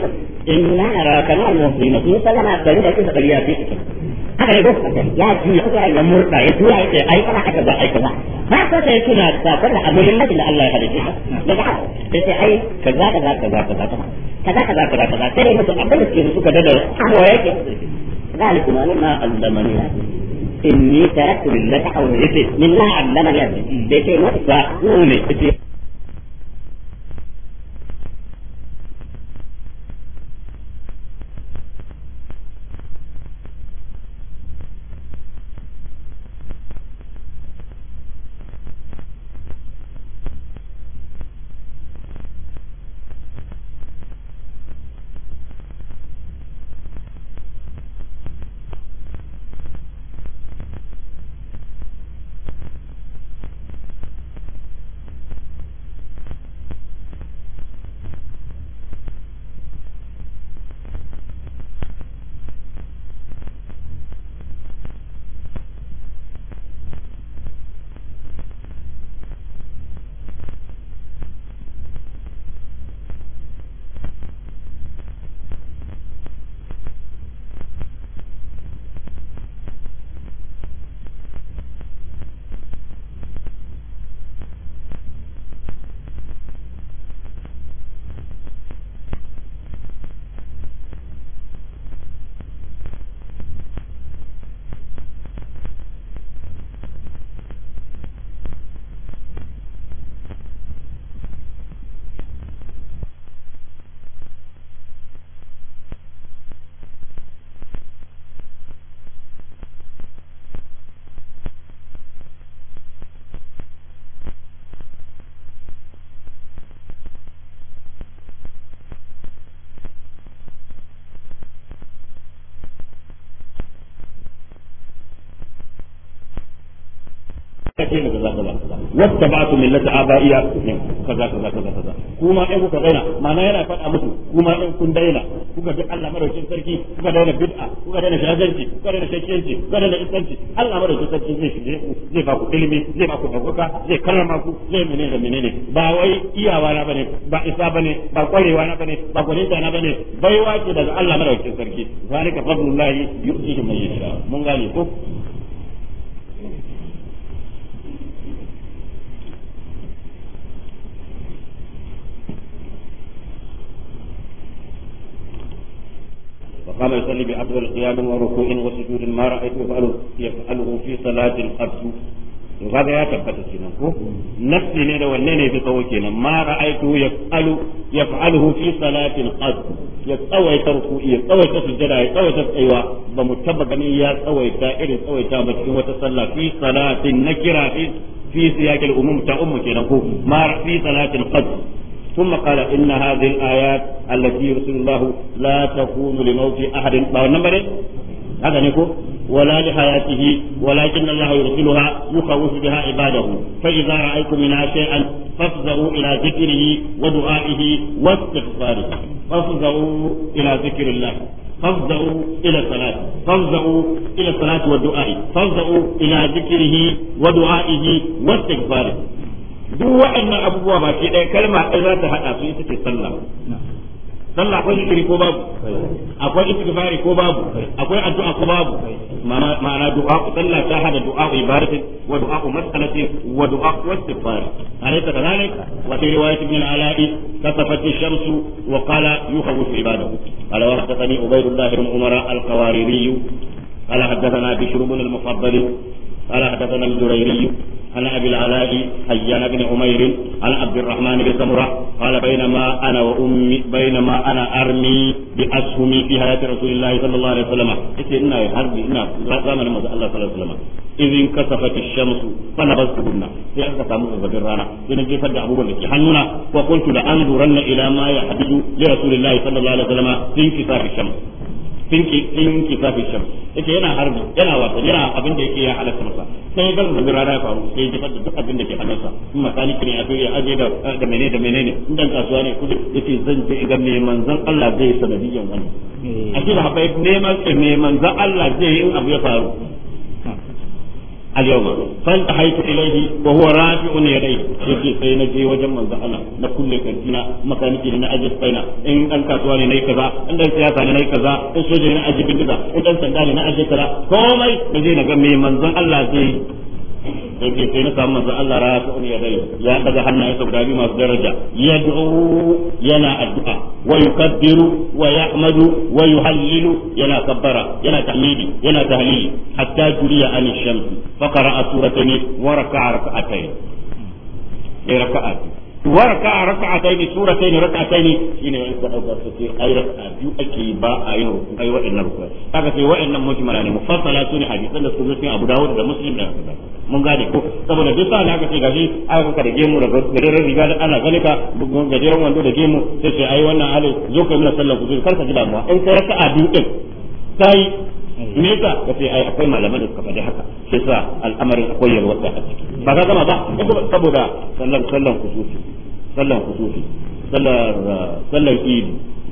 Speaker 1: inna naraka min al-mu'minin ko sallama da da kisa da riya haka ne dokta ne ya juya ta ya murda ya juya ya ce ai kana haka ba ai kaza haka sai suna sakar da abin da Allah ya halice daga haka sai sai ai kaza kaza kaza kaza kaza kaza kaza kaza sai dai mutum abin da suke suka da da hawa yake ذلك ما علمني إني تركت لله حولي من الله علمني لكي نفسه نومي ce kaza kaza kaza wattaba'tu millata abaiya kaza kaza kaza kaza kuma in kuka daina ma'ana yana faɗa musu kuma in kun daina kuka bi Allah madaukakin sarki kuka daina bid'a kuka daina shaganci kuka daina shakkiyanci kuka daina insanci Allah madaukakin sarki zai shige ku zai ba ku ilimi zai ba ku dabuka zai karrama ku zai mene da mene ne ba wai iyawa na bane ba isa bane ba kwarewa na bane ba gwaninta na bane baiwa ce daga Allah madaukakin sarki zalika fadlullahi yu'tihi man yasha mun gane ko fi salatil abdu to kaga ya tabbata kenan ko nafsi ne da wanne ne fi tsawo kenan ma ra'aytu yaf'alu yaf'aluhu fi salatin qasr ya tsawaita ruku'i ya tsawaita sujjada ya tsawaita tsayuwa ba mu taba ganin ya tsawaita irin tsawaita ba cikin wata sallah fi salatin nakira fi fi siyaqil umum ta ummu kenan ko ma fi salatil qasr ثم قال إن هذه الآيات التي يرسل الله لا تكون لموت أحد هذا نقول ولا لحياته ولكن الله يرسلها يخوف بها عباده فإذا رأيتم منها شيئا فافزعوا إلى ذكره ودعائه واستغفاره فافزعوا إلى ذكر الله فافزعوا إلى الصلاة فافزعوا إلى الصلاة والدعاء فافزعوا إلى ذكره ودعائه واستغفاره duk waɗannan abubuwa ba ke ɗaya kalma ɗaya za ta haɗa su ita ce sallah sallah akwai zikiri ko babu akwai istighfari ko babu akwai addu'a ko babu ma'ana du'a sallah ta hada du'a ibadati wa du'a mas'alati wa du'a istighfar alaysa kadhalik wa fi riwayat ibn al-ala'i kasafat ash-shams wa qala yukhawwifu ibadahu ala wa hadathani ubaydullah ibn umara al-qawariri قال حدثنا بشر بن المفضل قال حدثنا الجريري عن ابي العلاء حيان بن عمير عن عبد الرحمن بن سمره قال بينما انا وامي بينما انا ارمي باسهمي في حياه رسول الله صلى الله عليه وسلم ان حرب ان زمن الله صلى الله عليه وسلم إذ انكسفت الشمس فنبذتهن في أنك سامو الزبرانة سنجي فد أبو بكر حنونا وقلت لأنظرن إلى ما يحدث لرسول الله صلى الله عليه وسلم في انكسار الشمس din ki safi sham yake yana harbi yana wasa yana abin da yake ya halatta masa sai ya gaza da rana ya faru sai ya jefar da duk abin da ke hannunsa in masaliki ne a ya aje da da mene da menene in dan kasuwa ne kudi yace zan je ga mai manzon Allah zai sanadiyan wannan eh. ashe da habai neman neman eh, zan Allah zai in abu ya faru اليوم فانتهيت اليه وهو رافع يديه يجي sai na je wajen manzo Allah na kulle kantina makaniki in an ne nayi ne nayi kaza in bindiga in dan sanda ne na kaza komai na na ga me manzon Allah zai yake sai na samu manzo Allah raya ta ya dai ya daga hannaye sa guda biyu masu daraja yad'u yana addu'a wa yukabbiru wa yahmadu wa yuhayyilu yana kabbara yana tahmidi yana tahlili hatta juriya an shams fa qara'a suratan wa raka'a raka'atayn ya raka'a wa raka'a raka'atayn suratayn raka'atayn shine wani da dauka sai ce ai raka'a biyu ake ba a yi rukun ai wa'annan rukun kaga sai wa'annan mujmala ne mufassala sune hadisan da suka Abu Dawud da Muslim da Abu mun gane ko saboda duk sa'an aka ce gashi aka kuka da gemu da gajeren riga da ana gani ka gajeren wando da gemu sai ce ai wannan hali zo ka nuna sallar kusur kar ka ji damuwa in kai raka'a biyu din sai me yasa ka ce ai akwai malaman da suka faɗi haka shi yasa al'amarin akwai yalwata a ciki ba ka gama ba saboda sallan sallan kusufi sallan kusufi sallar sallar idi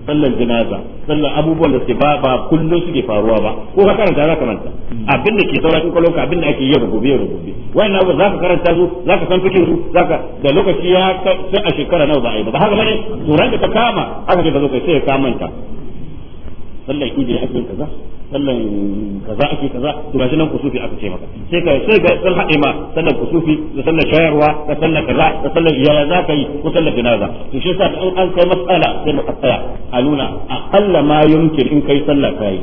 Speaker 1: sallan janaza sallan abubuwan da ba ba kullum suke faruwa ba ko ka karanta za ka manta abin da ke saura cikin kwalonka abin da ake yi gobe yau gobe wayan abu za ka karanta su za ka san fikin su za ka da lokaci ya ta a shekara nawa za a yi ba haka bane to ran da ka kama aka ce da lokaci sai ka manta sallan idi ake kaza sallan kaza ake kaza to gashi nan kusufi aka ce maka sai ka sai ga sun haɗe ma sallan kusufi da sallan shayarwa da sallan kaza da sallan iyaya za ka yi ko sallan jinaza to shi yasa in an kai matsala sai mu tsaya a nuna ma in kai sallah kai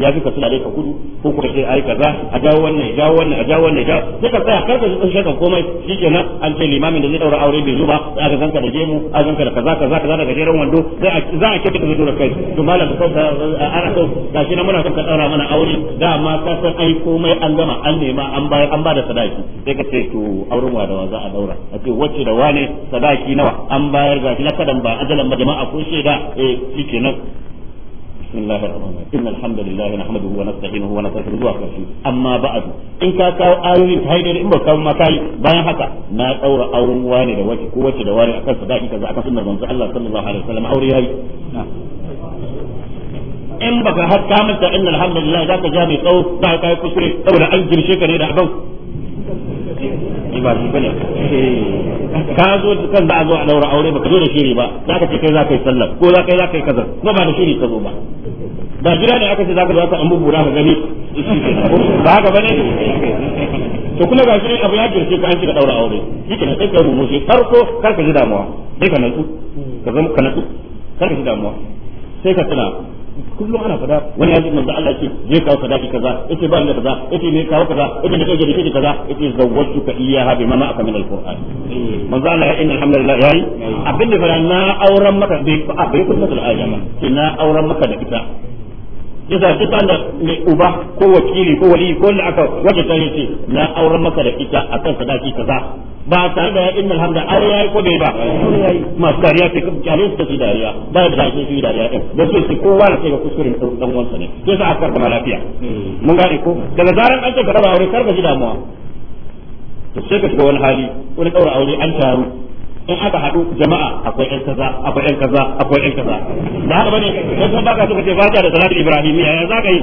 Speaker 1: ya fi ka dai ka kudu ko kuma sai ai kaza a dawo wannan ya wannan a wannan ya sai ka tsaya kar ka komai an ce limamin da zai daura aure bai zuba zanka da a zanka da kaza kaza kaza da gajeren wando za a kai to malam a arahau gashi na muna son ka tsara mana aure ma ka san ai komai an gama an nema an bayar an bada sadaki sai ka ce to auren wa da wa za a daura a ce wacce da wane sadaki nawa an bayar shi na kadan ba ajalan ba jama'a ko shaida eh shikenan بسم الله الرحمن الرحيم ان الحمد لله نحمده ونستعينه ونستغفره ونستغفره اما بعد ان ka kawo ayoyin haidar in ba kawo makai bayan haka na daura auren wane da wace ko wace da a akan sadaki a kan sunnar manzo Allah sallallahu alaihi wasallam aure in baka har ka manta inna alhamdulillah zaka ja mai tsawo ba ka yi kusure saboda an girshe ka ne da abin eh, ka zo kan a zo a daura aure zo da shiri ba ce kai yi sallar ko yi yi ko ba da shiri ka zo ba ba ne aka ce zaka zo ka an bubura ka gani ba haka to kuma ga shi abu ya ka an shiga daura aure shi ke sai ka rumu shi farko kar ka ji damuwa sai ka natsu ka zama ka natsu kar ka ji damuwa sai ka tuna kullum ana fada wani ya ji manzo Allah ce zai kawo sadaki kaza yace ba ni kaza yace ne kawo kaza yace ne kaje kike kaza yace zawwatuka iyyaha bima bi aka akamin alquran manzo Allah ya inna alhamdulillah yayi abin da fara na auren maka bai bai kullum da ajama ina auren maka da ita yasa duk da mai uba ko wakili ko wali ko wanda aka waje ta na auren maka da ita akan sadaki kaza ba tare da yaƙin alhamda an yayi ko bai ba masu dariya ke kyalin su tafi dariya ba da ta su dariya din da su su kowa na ga kuskuren dan wansa ne sai sa aka karɓa lafiya mun gane ko daga zaran an ce ka raba aure kar ka ji damuwa to sai ka wani hali wani ɗaura aure an taru in aka haɗu jama'a akwai yan kaza akwai yan kaza akwai yan kaza da haka bane san baka so ka ce da salatu ibrahimiyya ya zaka yi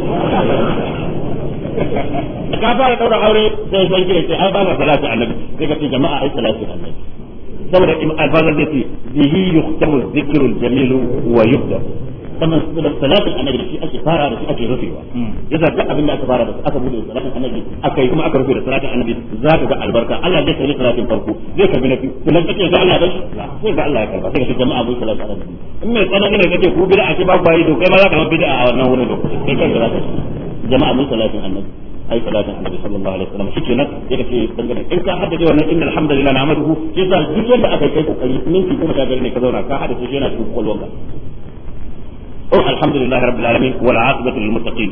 Speaker 1: ka fara daura aure sai san kire sai ai baba salatu annabi sai ka jama'a ai salatu annabi saboda alfazar da ce bihi yuhtamu dhikrul jamilu wa yuhdamu wannan salatin annabi shi ake fara da shi ake rufewa wa. Hmm. duk abin da aka fara da aka bude salatin annabi aka yi kuma aka rufe da salatin annabi za ka ga albarka Allah zai karbi salatin farko zai karbi na biyu sannan kake ga Allah dan sai ga Allah ya karba sai ka jama'a bu salatin annabi in mai tsanani ne kake ku bid'a ce ba ku yi to ma za ka yi bid'a a wannan wurin lokaci kai kan salatin jama'a bu salatin annabi ai salatin annabi sallallahu alaihi wasallam shi kenan yake ce dangane in ka haddace wannan inna alhamdulillah na amadu shi yasa duk yadda aka kai kokari minti kuma ka gari ne ka zauna ka haddace shi yana cikin Oh, alhamdulillahi rabbil alamin wal aqibatu lil muttaqin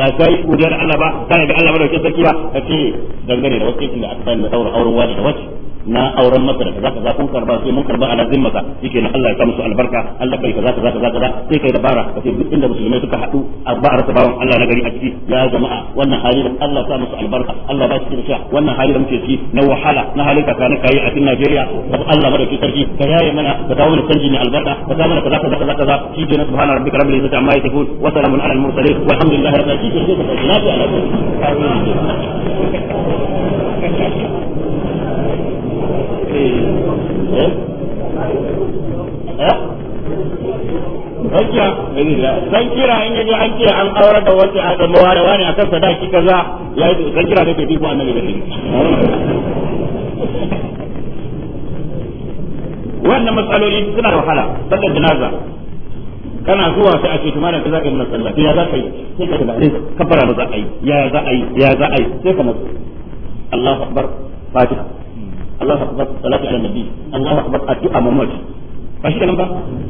Speaker 1: ba sai godiyar Allah ba kana ga Allah ba da sarki ba kace dangane da wakilin ki aka bani da daura auren wani da wace na auren maka da kaza kaza kun karba sai mun karba ala zimmaka yake na Allah ya sa musu albarka Allah kai kaza kaza kaza kaza sai kai dabara kace duk inda musulmai suka a arba'ar tabawan Allah na gari a ciki ya jama'a wannan hali da Allah ya sa musu albarka Allah ba shi kirsha wannan hali da muke ciki na wahala na hali ka kana kai a cikin Najeriya da Allah madauki sarki ka yaye mana ka dawo da canji ne albarka ka sa mana kaza kaza kaza kaza shi ke na subhana rabbika rabbil izzati amma yasifun wa salamun alal mursalin walhamdulillahi rabbil alamin
Speaker 2: Rakiya, eh? eh? san kira in yaji
Speaker 1: an ce an aure da wata a da mawa da wani akan sadaki kaza ya yi san kira da ke bi ko annabi da shi. Wannan matsaloli suna da wahala, sallar janaza. kana zuwa sai a ce kuma da kaza kai mana sallah ya za ka yi sai ka tunani kafara ba za a yi ya za a yi ya za a yi sai ka mutu. Allahu akbar fatiha Allahu akbar salatu ala nabi addu'a Muhammad ba shi kenan ba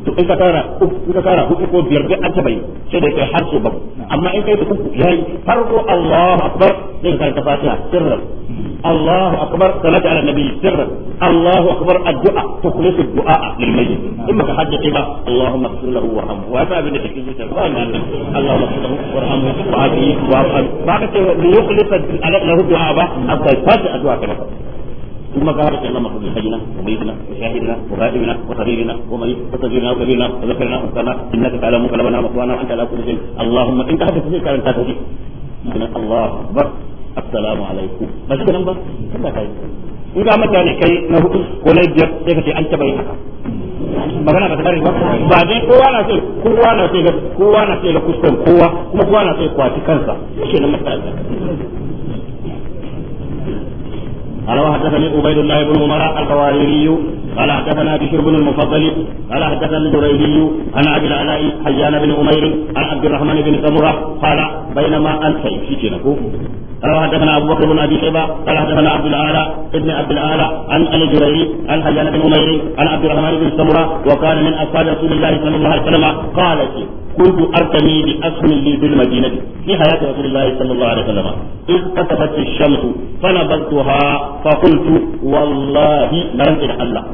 Speaker 1: to in ka tara in ka tara hudu ko biyar duk an taba sai da kai har so amma in kai da yayi farko Allahu akbar sai ka Allahu akbar salatu ala nabi Allahu akbar addu'a du'a lil in ka ba Allahumma wa bin ba ثم قال رضي الله مخرج حجنا وميتنا وشاهدنا وغائبنا وصغيرنا ومريض وصغيرنا وكبيرنا وذكرنا وانثانا انك تعلم قلبنا ومثوانا وانت على كل شيء اللهم انت هذا كثير كان تاتي الله اكبر السلام عليكم ba shi nan ba kuma kai in ga mutane kai na hudu ko na biyar ka ce an taba yin magana ba ta ba ba dai kowa na sai kowa na sai kowa na sai ga kowa kuma kowa na sai kwaci kansa shi ne matsala قال وحدثني عبيد الله بن عمر القواريري قال حدثنا بشر بن المفضل قال حدثنا الجريري عن عبد العلاء حيان بن امير عن عبد الرحمن بن سمره قال بينما انت في قال حدثنا ابو بكر بن ابي شيبه قال حدثنا عبد الاعلى ابن عبد الاعلى عن الجريري عن حيان بن امير عن عبد الرحمن بن سمره وقال من اصحاب رسول الله صلى الله عليه وسلم قال كنت ارتمي باسهم لي بالمدينه في حياه رسول الله صلى الله عليه وسلم اذ كسفت الشمس فنبذتها فقلت والله لرجع الله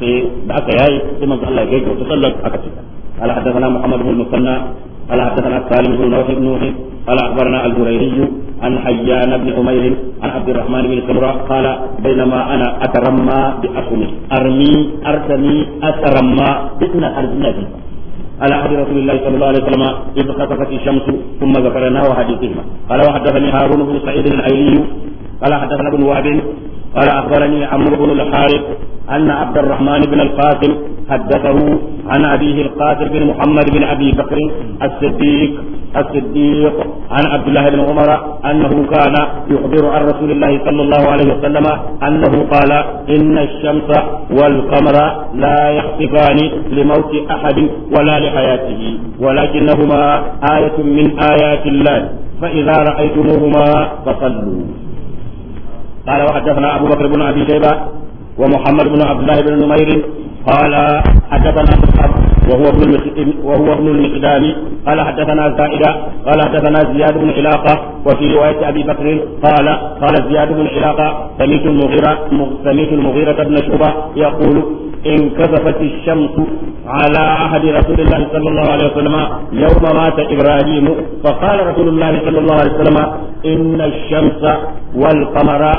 Speaker 1: sai da aka yayi sai manzo Allah ya gaji sallar aka ce ala hadathana muhammad ibn musanna ala hadathana salim ibn nawfi ibn nawfi ala akhbarana al an hayyan ibn umayr an abd alrahman ibn qala bainama ana bi على رسول الله صلى الله عليه وسلم الشمس ثم قال وحدثني هارون بن سعيد قال حدثنا قال أخبرني عمرو بن الحارث أن عبد الرحمن بن القاسم حدثه عن أبيه القاسم بن محمد بن أبي بكر الصديق الصديق عن عبد الله بن عمر أنه كان يخبر عن رسول الله صلى الله عليه وسلم أنه قال إن الشمس والقمر لا يخطفان لموت أحد ولا لحياته ولكنهما آية من آيات الله فإذا رأيتموهما فصلوا قال وحدثنا أبو بكر بن أبي شيبة ومحمد بن عبد الله بن نمير قال حدثنا مصعب وهو ابن وهو ابن المقدام قال حدثنا زائدة قال حدثنا زياد بن علاقة وفي رواية أبي بكر قال قال زياد بن علاقة سمعت المغيرة سمعت المغيرة بن شعبة يقول إن كسفت الشمس على عهد رسول الله صلى الله عليه وسلم يوم مات إبراهيم فقال رسول الله صلى الله عليه وسلم إن الشمس والقمر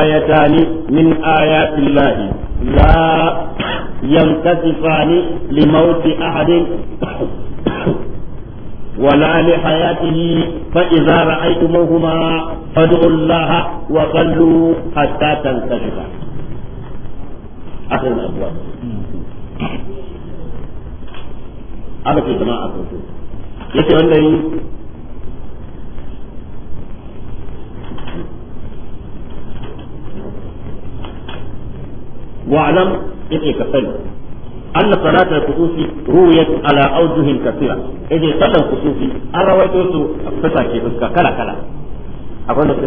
Speaker 1: آيتان من آيات الله لا ينتصفان لموت أحد ولا لحياته فإذا رأيتموهما فادعوا الله وصلوا حتى تنكشفا akan abuwa aka ce zama a kanto yake wanda yi واعلم ابن كفن أن صلاة الكسوف رويت على أوجه كثيرة إذا صلى الكسوف أرويته فتاكي فسكا كلا كلا أقول لك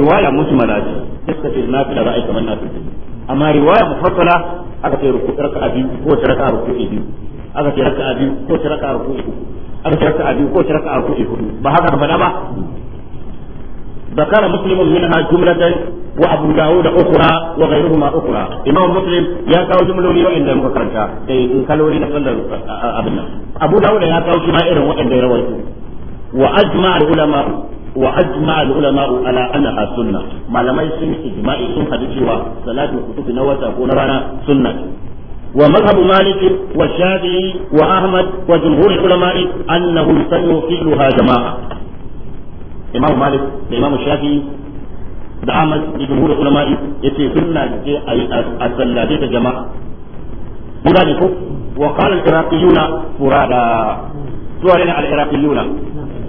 Speaker 1: رواية مجملة تستفيد ما في رأيك من نافذة amma riwaya mufassala aka ce ruku raka'a biyu ko ta raka'a biyu aka ce raka'a biyu ko ta raka'a uku aka ce raka'a biyu ko ta raka'a hudu ba haka ba ba ذكر مسلم منها جملة وأبو داود أخرى وغيرهما أخرى إمام مسلم جملة لي وإن لم إن لي نقل أبنا أبو داود وإن لم وأجمع العلماء wa ajma al ulama ala annaha sunna malamai sun ijma'i sun hadu cewa salatu kutubi na wata ko na sunna ومذهب مالك والشافعي واحمد وجمهور العلماء انه سنوا فعلها جماعه. امام مالك الامام الشافعي da Ahmad da jumhur ulama yace sunna ce a sallace ta jama'a mun ko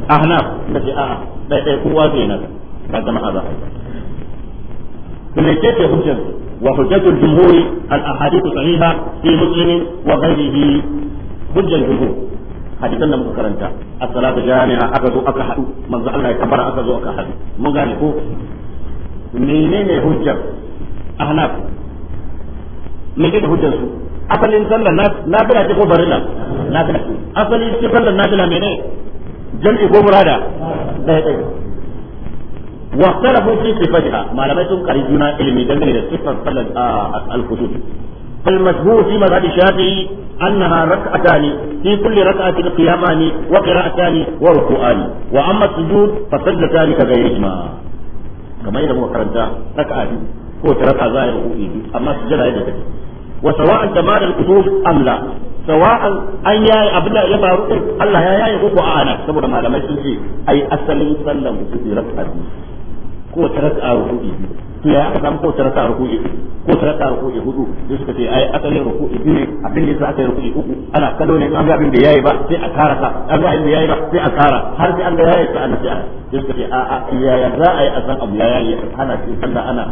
Speaker 1: ahnaf da ce a'a dai dai kowa kenan ba jama'a ba فليتيت jumhuri al الجمهور sahiha fi في wa ghayrihi هجة jumhur hadisan da muka karanta as-salatu jami'a aka zo aka hadu manzo Allah ya kabara aka zo aka hadu mun gane ko menene hujjar ahnaf menene hujjar su asalin sallar nafila ce ko barilla nafila asalin sallar nafila menene jam'i ko murada ɗaya ɗaya wa salafun fi sifatiha malamai sun kari juna ilimi dangane da sifar sallar al-kutub fal mashhur fi mazhab shafi'i annaha rak'atan fi kulli rak'atin qiyamani wa qira'atani wa ruku'ani wa amma sujud fa sallatani ka ghayri ijma kamar idan karanta rak'ati ko ta rak'a za a yi ruku'i amma sujada ya da kaji wa sawa'an jama'a al-kutub am la sawa'an an yayi abin da ya faru Allah ya yayi ko ko a'ana saboda malamai sun ce ai asalin sallan musulmi rak'a ko ta raka a ruku'i biyu to ya aka samu ko ta raka a ruku'i ko ta raka a ruku'i hudu da suka ce ai asalin ruku'i biyu ne abin da aka yi ruku'i uku ana kallo ne an ga abin da yayi ba sai a kara ka an ga abin da yayi ba sai a kara har sai an ga yayi sai an ce da suka ce a a yaya za a yi a san abu ya yayi ana ce sallah ana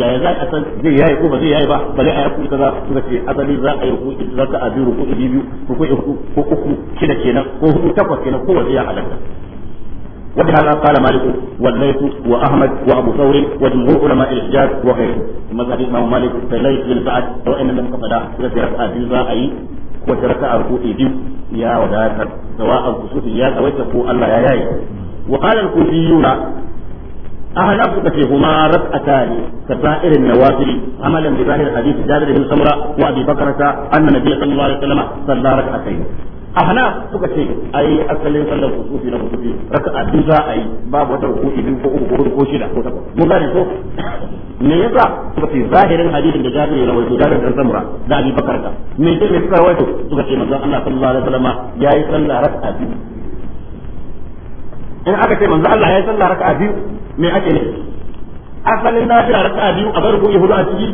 Speaker 1: yaya za a san zai yayi ko ba zai yayi ba bale a ruku'i kaza suka ce asali za a yi ruku'i raka a biyu ruku'i biyu ruku'i hudu ko uku shida kenan ko hudu takwas kenan ko wanda ya halatta وبهذا قال مالك والليث واحمد وابو ثور وجمهور علماء الحجاز وغيره مذهب الامام مالك فليس بن سعد وان لم تقل ركعه جزاء اي وتركع ركوعي دي يا وداتر سواء الخصوصي يا سويته الله يا ياي وقال الكوفيون أهلاك فيهما ركعتان كبائر النوافل عملا بظاهر حديث جابر بن سمرة وأبي بكرة أن النبي صلى الله عليه وسلم صلى ركعتين ahna suka ce yi asalin sallar kusufi na kusufi a biyu za a yi babu wata rukuki biyu ko uku ko hudu ko shida ko takwas mun gane ko me yasa suka ce zahirin hadisin da jabir na rawaito jabir dan samura da abi bakar ka me ce me suka rawaito suka ce manzon Allah sallallahu alaihi wasallam yi sallah a biyu in aka ce manzon Allah yayi sallah a biyu me ake ne asalin raka a biyu a bar ko yahudu a ciki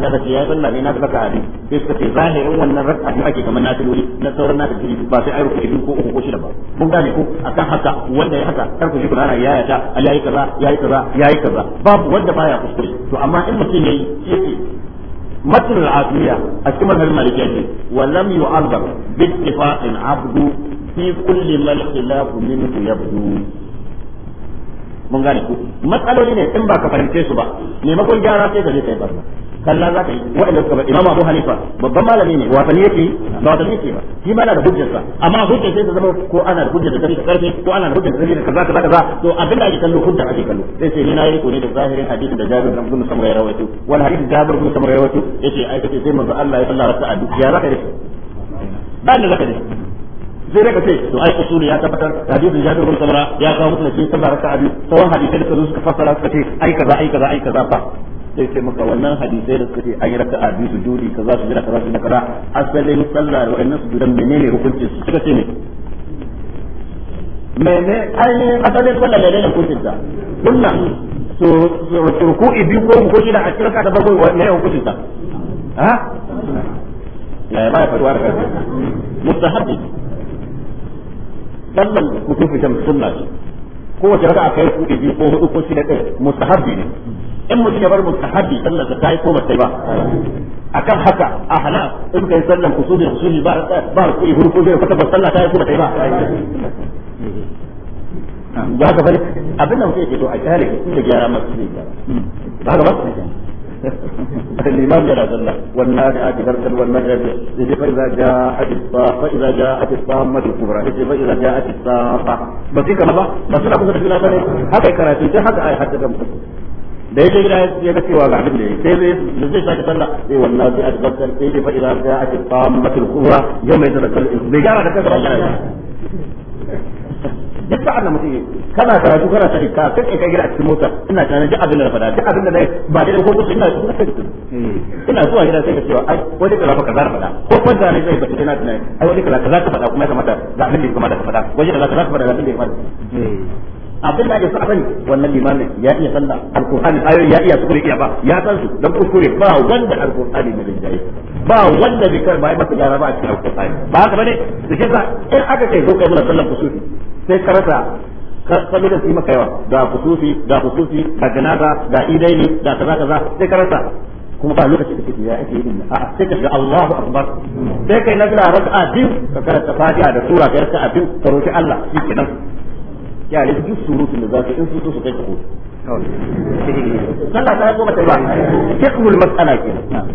Speaker 1: na kace yayi san ne na raka ne sai suka ce zahirin wannan raka ne ake kamar na tiloli na sauran na tiloli ba sai ai ruku biyu ko uku ko shida ba mun gane ko akan haka wanda ya haka kar ku ji kurana ya ta yayi kaza yayi kaza yayi kaza babu wanda baya kuskure to amma in mutum yayi yake متن العافية أكمل الملكة ولم يعذر باتفاق العبد في كل ما الخلاف منه يبدو mun gane ku matsaloli ne in ba ka fahimce su ba maimakon gyara sai ka je kai barna kalla za ka yi waɗanda suka imam abu hanifa babban malami ne wata ne yake ba wata ne yake ba shi ma yana da sa amma hujjar sai ta zama ko ana da hujjar da tafi da ko ana da hujjar da tafi da kaza kaza kaza to abin da ake kallo hujjar ake kallo sai sai ni na yi kone da zahirin hadisin da Jabir bin Samura ya rawaito wani hadisin Jabir bin Samura ya rawaito yace aikace sai manzo Allah ya sallara ta addu'a ya zaka yi ba da zaka yi zai daga ce to ai usuli ya tabbatar hadisin jabir bin samara ya ga mutum cikin sallar raka'a biyu sauran hadisai da su suka fassara suka ce ai kaza ai kaza ai kaza fa sai ce maka wannan hadisi da suka ce ai raka abi su juri kaza su jira kaza su jira kaza asalin sallah da wa'annan sujudan menene hukuncin su suka ce ne mene ainihin asalin sallah menene hukuncin ta kunna to ruku'i biyu ko ko shi shida a cikin ta bakwai menene hukuncin ta ha ya ba ya faruwa da kai mustahabbi sallan kusufi jam sunna ce kowace raka'a kai kuɗi biyu ko hudu ko shida ɗaya mustahabbi ne in mutum ya bar mustahabbi sallan ta tayi ko ba ta yi ba akan haka a hana in kai sallan kusufi kusufi ba ba kuɗi hudu ko zai fata ba sallah ta yi ko ba ta yi ba ba haka bane abin da mutum ke to a kyale da gyara masu ne gyara ba haka ba الإمام جل جل والناجعات بركا والنجعات فإذا جاءت الصاخة فإذا جاءت الصامة الكبرى فإذا جاءت الصاخة بس كما الله بس لا بد من هذا هكا كراتي هكا آية حتى كم da yake gida ya ga cewa ga abin da sai zai zai sake sallah sai zai a tabbatar sai dai fa idan ta ake qamatul kubra yau mai da sallah bai gara da kansa duk sa'an da mutum kana karatu kana sani ka kake kai gida a cikin mota ina tana duk abin da na faɗa duk abin da na ba da ko kusa ina kusa ina zuwa gida sai ka cewa ai wani kaza fa kaza faɗa ko ko da ne zai ba cikin tana ai wani kaza kaza ka faɗa kuma ya kamata da abin da ya kamata ka faɗa wani kaza kaza ka faɗa da abin da ya kamata abin da ya sa sani wannan limamin ya iya sanna alqur'ani ayoyi ya iya sukuri iya ba ya san su dan kuskure ba wanda alqur'ani ne da ba wanda bai karba ba ta gyara ba a cikin alqur'ani ba haka bane da ke sa in aka kai zo kai mana sallar kusufi sai karata rasa da su maka yawa ga kusufi ga kusufi ga janaza ga idaini ga kaza kaza sai karata kuma ba lokaci da kake ya ake yin a sai ka ga Allahu akbar sai kai nazara raka'a biyu ka karanta Fatiha da sura ka raka'a biyu ka roki Allah shi shikenan ya ne duk surutun da za ka in su su kai ka kotu sallah ta ko mata ba fiqhul mas'ala kenan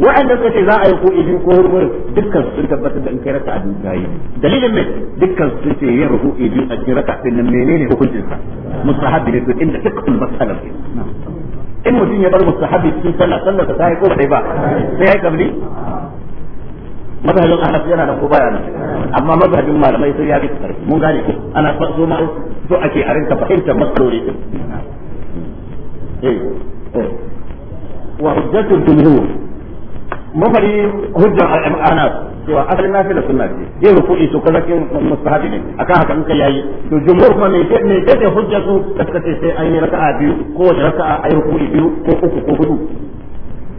Speaker 1: wa'anda suka ce za a yi ko ibi ko hurmur dukkan sun tabbatar da in kai a biyu yayi dalilin mai dukkan sun ce yin ruku ibi a cikin raka'a sun nan menene hukuncin sa mustahabi ne to inda dukkan masalar ne in mutum ya bar mustahabi cikin sallah sallar ta yi ko ba ba sai ya kabli mazhabin ahlaf yana da ko baya nan amma mazhabin malamai sai ya bi karfi mun gane ko ana so ma so ake a rinka fahimtar matsaloli din eh, eh. wa hujjatul jumhur mafari hujjar al'ana cewa asalin nafila sunna ce yin ruku'i to kaza kin mustahabi ne akan haka muka yayi to jumhur kuma mai me ce hujjar su da ce sai an yi raka'a biyu ko wace raka'a ayi ruku'i biyu ko uku ko hudu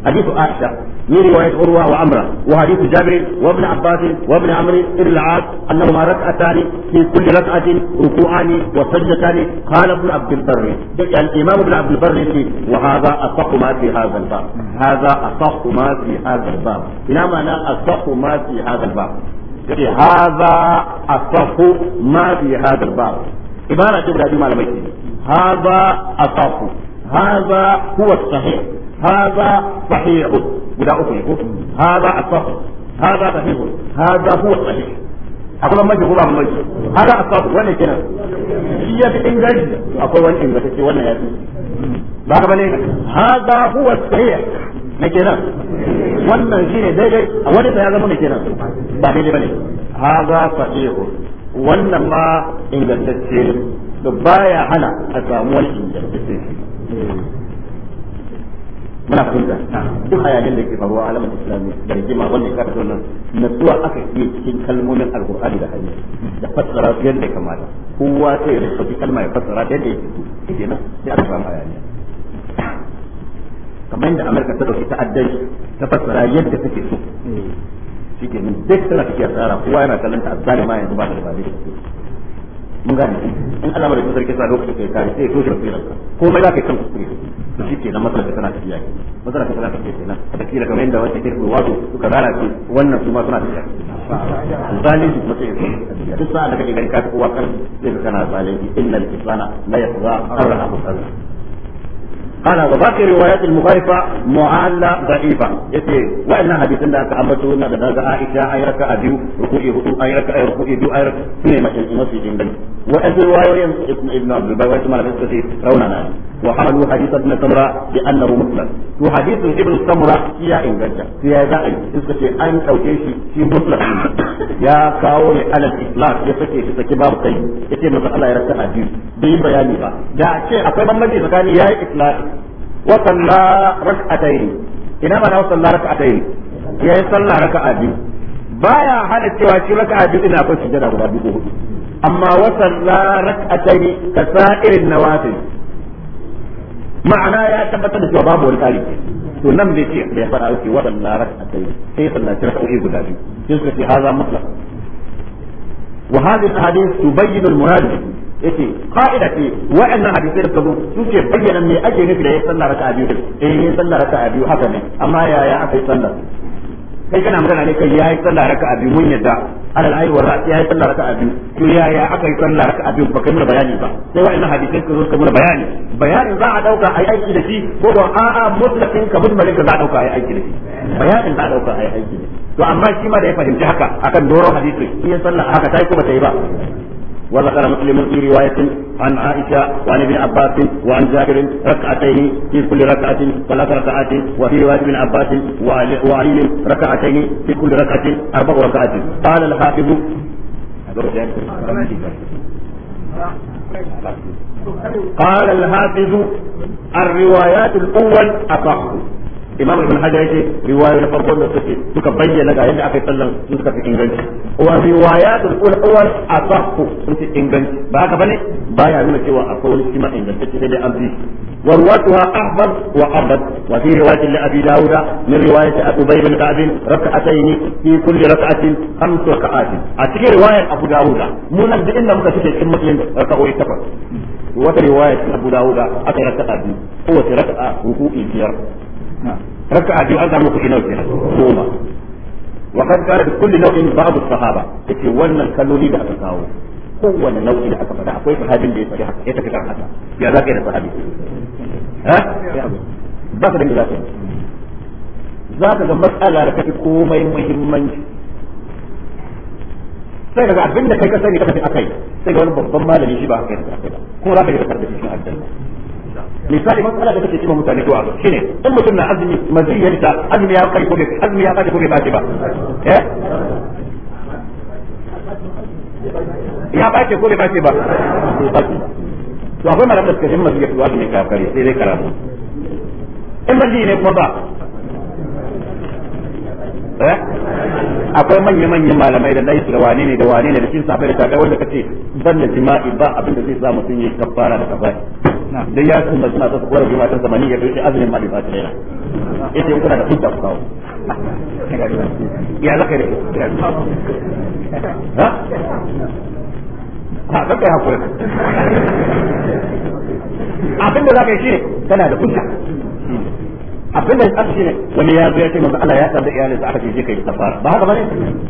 Speaker 1: حديث عائشة من رواية عروة وعمرة وحديث جابر وابن عباس وابن عمر بن العاص أنهما ركعتان في كل ركعة ركوعان وسجدتان قال ابن عبد البر يعني الإمام ابن عبد البر وهذا أصح ما في هذا الباب هذا أصح ما في هذا الباب إلى معنى أصح ما في هذا الباب يعني هذا أصح ما في هذا الباب عبارة تبدأ هذا أصح هذا هو الصحيح هذا صحيح guda uku ne ko hada asaf hada sahih hada huwa sahih akwai maji ko ba maji hada asaf wannan kenan shi ya fi ingaji akwai wani ingaji ce wannan ya ba ka bane hada huwa sahih na kenan wannan shine daidai a wani ya zama ne kenan ba daidai bane hada sahih wannan ma ingantacce ne baya hana a samu wani ingantacce muna fahimta duk hayanin da ke faruwa alamar islami da rigima wanda ya karfi wannan natsuwa aka yi cikin kalmomin alkur'ani da hanyar da fassara su yadda ya kamata kowa sai ya rubuta kalma ya fassara ta yadda ya fito shi kenan sai aka samu hayaniya kamar yadda amurka ta dauki ta'addanci ta fassara yadda take so shi ke nan duk tana tafiya tsara kowa yana kallon ta zalima yanzu ba da dabarai da ba mun gane in Allah mara kusa sarki sa lokacin kai kai sai toshe rafiyar ka ko mai za ka yi kan to shi ke nan masala tana tafiya ke masala tana tafiya ke nan da kila kamar yadda wata ke wato suka rara ce wannan su ma suna tafiya zalimi kuma sai ya duk sa'a da kake gani ka ta kowa kan sai ka kana zalimi innal insana la yaqza arra abu قال وباقي الروايات المخالفة معلة ضعيفة يتي وإن حديث الله كعبته أن عائشة أيرك أبيو ركوئي هدو أيرك أيرك أيرك أيرك أيرك أيرك أيرك أيرك وأنت رواية ابن ابن عبد البر ويسمى على نسبة روننا وحملوا حديث ابن سمرة بأنه مطلق وحديث ابن سمرة إن إنجاز يا داعي نسبة أن أو كيشي في مطلق يا كاول على الإطلاق يسكي في سكبار طيب يكي مثلا الله يرسى أدير بين بياني با جاء شيء أقوى من مجلس كان يا إطلاق وصلى ركعتين إنما أنا وصلى ركعتين يا صلى ركعتين بايا حالة hada ركعتين shi raka'a biyu ina akwai sujada amma wasalla rak'ataini na wata. ma'ana ya tabbatar da cewa babu wani tsari to nan bai ce bai fara yake a rak'ataini sai sallaci rak'o'i guda biyu sai suka ce haza mutlaq wa hadhihi alhadith su bayyana muradi ya ce wa'annan hadisai da kazo su ce bayyana me ake nufi da ya sallah raka'a biyu eh sallah raka'a biyu haka ne amma yaya aka yi sallah kai kana magana ne kai yayi sallah raka biyu mun yadda alal ayi war ra'si yayi sallah raka biyu to yaya aka yi sallah raka biyu ba kai mun bayani ba sai wa'annan hadisi suka zo suka mana bayani bayanin za a dauka ayi aiki da shi ko ba ko a mutlakin ka mun ka za a dauka ayi aiki da shi bayanin za a dauka ayi aiki da shi to amma shi ma da ya fahimci haka akan doron hadisi in ya sallah haka tayi ko ba ta yi ba وذكر مسلم في رواية عن عائشة وعن ابن عباس وعن جابر ركعتين في كل ركعة ثلاث ركعات وفي رواية ابن عباس وعلي ركعتين في كل ركعة أربع ركعات قال الحافظ قال الحافظ الروايات الأول أصح imam ibn hajar yake riwaya na farkon da suke suka bayyana ga yadda aka yi sallan sun suka fi inganci wa riwayatul ula asahhu sun fi inganci ba haka bane baya nuna cewa akwai wani kima ingantacce sai dai an bi wa ruwatuha ahbar wa abad wa fi riwayatin li abi dauda min riwayati ubay bin ka'b rak'atayn fi kulli rak'atin khamsu rak'at a cikin riwayar abu dauda mun da inda muka cike cikin muslim rak'o'i takwas wata riwayar abu dauda aka yi raka'a biyu kowace raka'a ruku'i biyar raka'a biyu an samu kuɗi nawa kenan goma wa kan kara da kulli nau'in babu sahaba yace wannan kaloli da aka kawo kowanne nau'i da aka faɗa akwai sahabin da ya faɗi haka ya tafi kan haka ya za ka yi da sahabi komai muhimmanci sai daga abin da kai ka sani ka tafi akai sai ga wani babban malami shi ba haka ya ba kuma za ka yi da karfi cikin aljanna misali matsala da kake cewa mutane du'a shine in mutum na azumi maziyarta azumi ya kai ko azumi ya kai ko bai ba eh ya bace ko bai bace ba to akwai mara da kaje maziyar du'a azumi ka kare sai dai karatu in mazi ne kuma ba eh akwai manya manyan malamai da laifi da wane ne da wane ne da cin safai da kaga wanda kace ban da jima'i ba abin da zai sa mutum yayi kafara da kafara dan ya kuma suna ta kora jima'i ta zamani ya dace azumin ma bai ba ta yace kuna da hujja ku kawo
Speaker 2: ya zaka da ha
Speaker 1: ha kai hakuri abin da zaka yi shi kana da hujja abin da ya ne wani ya zo ya ce manzo Allah ya tsada iyalin sa aka ce je kai kafara ba haka bane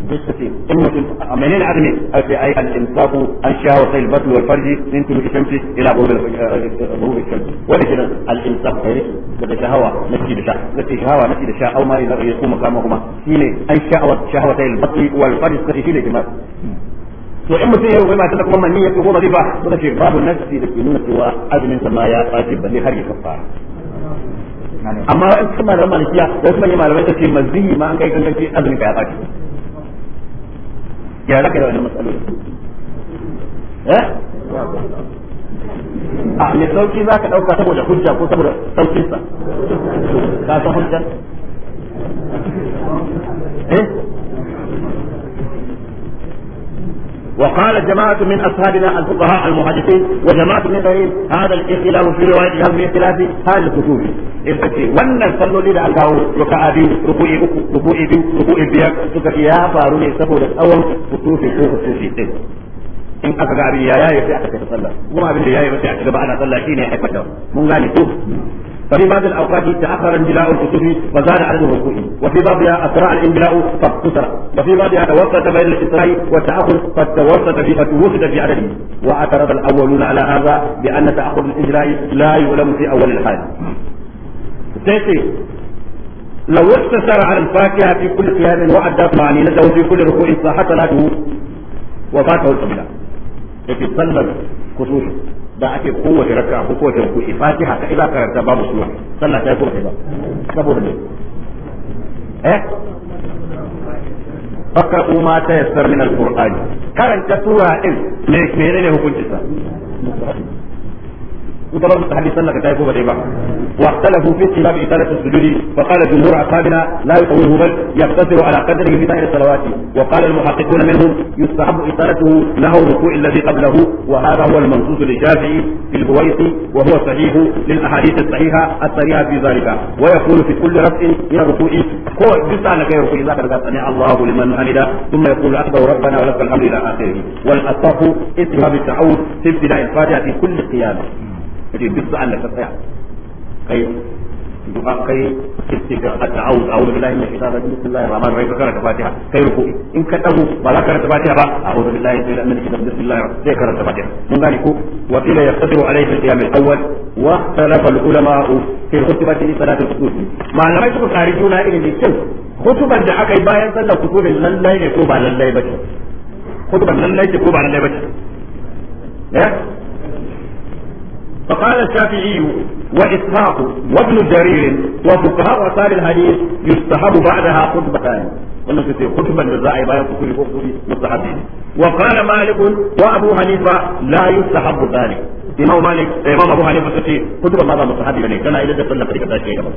Speaker 1: dukkanin in mutum amene ne azumi sai ai al insafu an shawa sai al batn wal farji min kulli shamsi ila ghurub ghurub shams wani kiran al insaf kai da shahawa nake da sha nake shahawa nake da sha au ma ila yaku makama kuma shine an sha'awa shahawa sai al batn wal farji sai shine jima'i to in mutum ya rubuta mata da kuma manni ya ko ba zai ba suka ce babu nafsi da ke nuna cewa azumin sa ma ya ɓaci balle har ya kafara amma in kuma malaman malikiya wasu manyan malamai ta ce mazini ma an kai ganganci azumi ka ya baki ya raka da wannan matsaloli eh a ne sauki za ka ɗauka saboda hujja ko saboda saukinsa ka san hujjar eh وقال جماعة من أصحابنا الفقهاء المحدثين وجماعة من غيرهم هذا الاختلاف في رواية هذا الاختلاف هذا الكتب wannan salloli da aka kawo ruka'a biyu uku ruku'i biyu ruku'i biyar suka ya faru ne saboda tsawon kutufi ko kutufi in aka abin ya yaye sai aka tafi sallah kuma abin da yaye ba sai aka gaba ana sallah shine ya haifar da mun gane ko ففي بعض الاوقات تاخر انبلاء الكتب وزاد عدد الركوع وفي بعضها اسرع الانبلاء فاقتصر وفي بعضها توسط بين الاسراء والتاخر فتوسط في فتوسط في عدده واعترض الاولون على هذا بان تاخر الاجراء لا يعلم في اول الحال. سيتي لو اقتصر على الفاكهه في كل قيام وادت معانيته في كل ركوع صحت له وفاته القبله. لكن صلى خصوصا da ake kowace raka ko kowace ku fatiha ka ila karanta babu sura sallah ta ko ba saboda ne eh kuma ta yassar min alqur'ani karanta sura din me ne hukuncin sa وطبعا التحديث سنة كتابة وغيبة واختلفوا في اختلاف إطالة السجود فقال جمهور أصحابنا لا يطوله بل يقتصر على قدره في سائر الصلوات وقال المحققون منهم يستحب إطالته له الركوع الذي قبله وهذا هو المنصوص للشافعي في البويطي وهو صحيح للأحاديث الصحيحة الصريحة في ذلك ويقول في كل رفع من الركوع هو جزء لك يركوع إذا قد الله لمن حمده ثم يقول أكبر ربنا ولك الأمر إلى آخره والأصح اسمها بالتعود في ابتداء الفاتحة في كل قيامه kace duk sa'an da ka tsaya kai du'a kai istighfar ta'awuz a'udhu billahi minash shaitanir rajim bismillahir rahmanir rahim karanta fatiha kai ruku in ka dago ba za ka karanta fatiha ba a'udhu billahi minash shaitanir rajim bismillahir rahmanir rahim karanta fatiha mun gani ko wa qila yaqdiru alayhi al-qiyam al-awwal wa ikhtalafa al-ulama fi khutbati salat qudus ma la suka kare juna irin ne kin da akai yi bayan sallar kusuf lallai ne ko ba lallai ba ce khutbar lallai ce ko ba lallai ba ce eh? فقال الشافعي وإسحاق وابن جرير وفقهاء أصحاب الحديث يستحب بعدها خطبتان wannan sai kutuban da za a yi bayan kusuri ko kusuri mustahabi ne wa qala malik wa abu hanifa la yustahabbu dhalik imam malik imam abu hanifa sai kutuban ne da sallah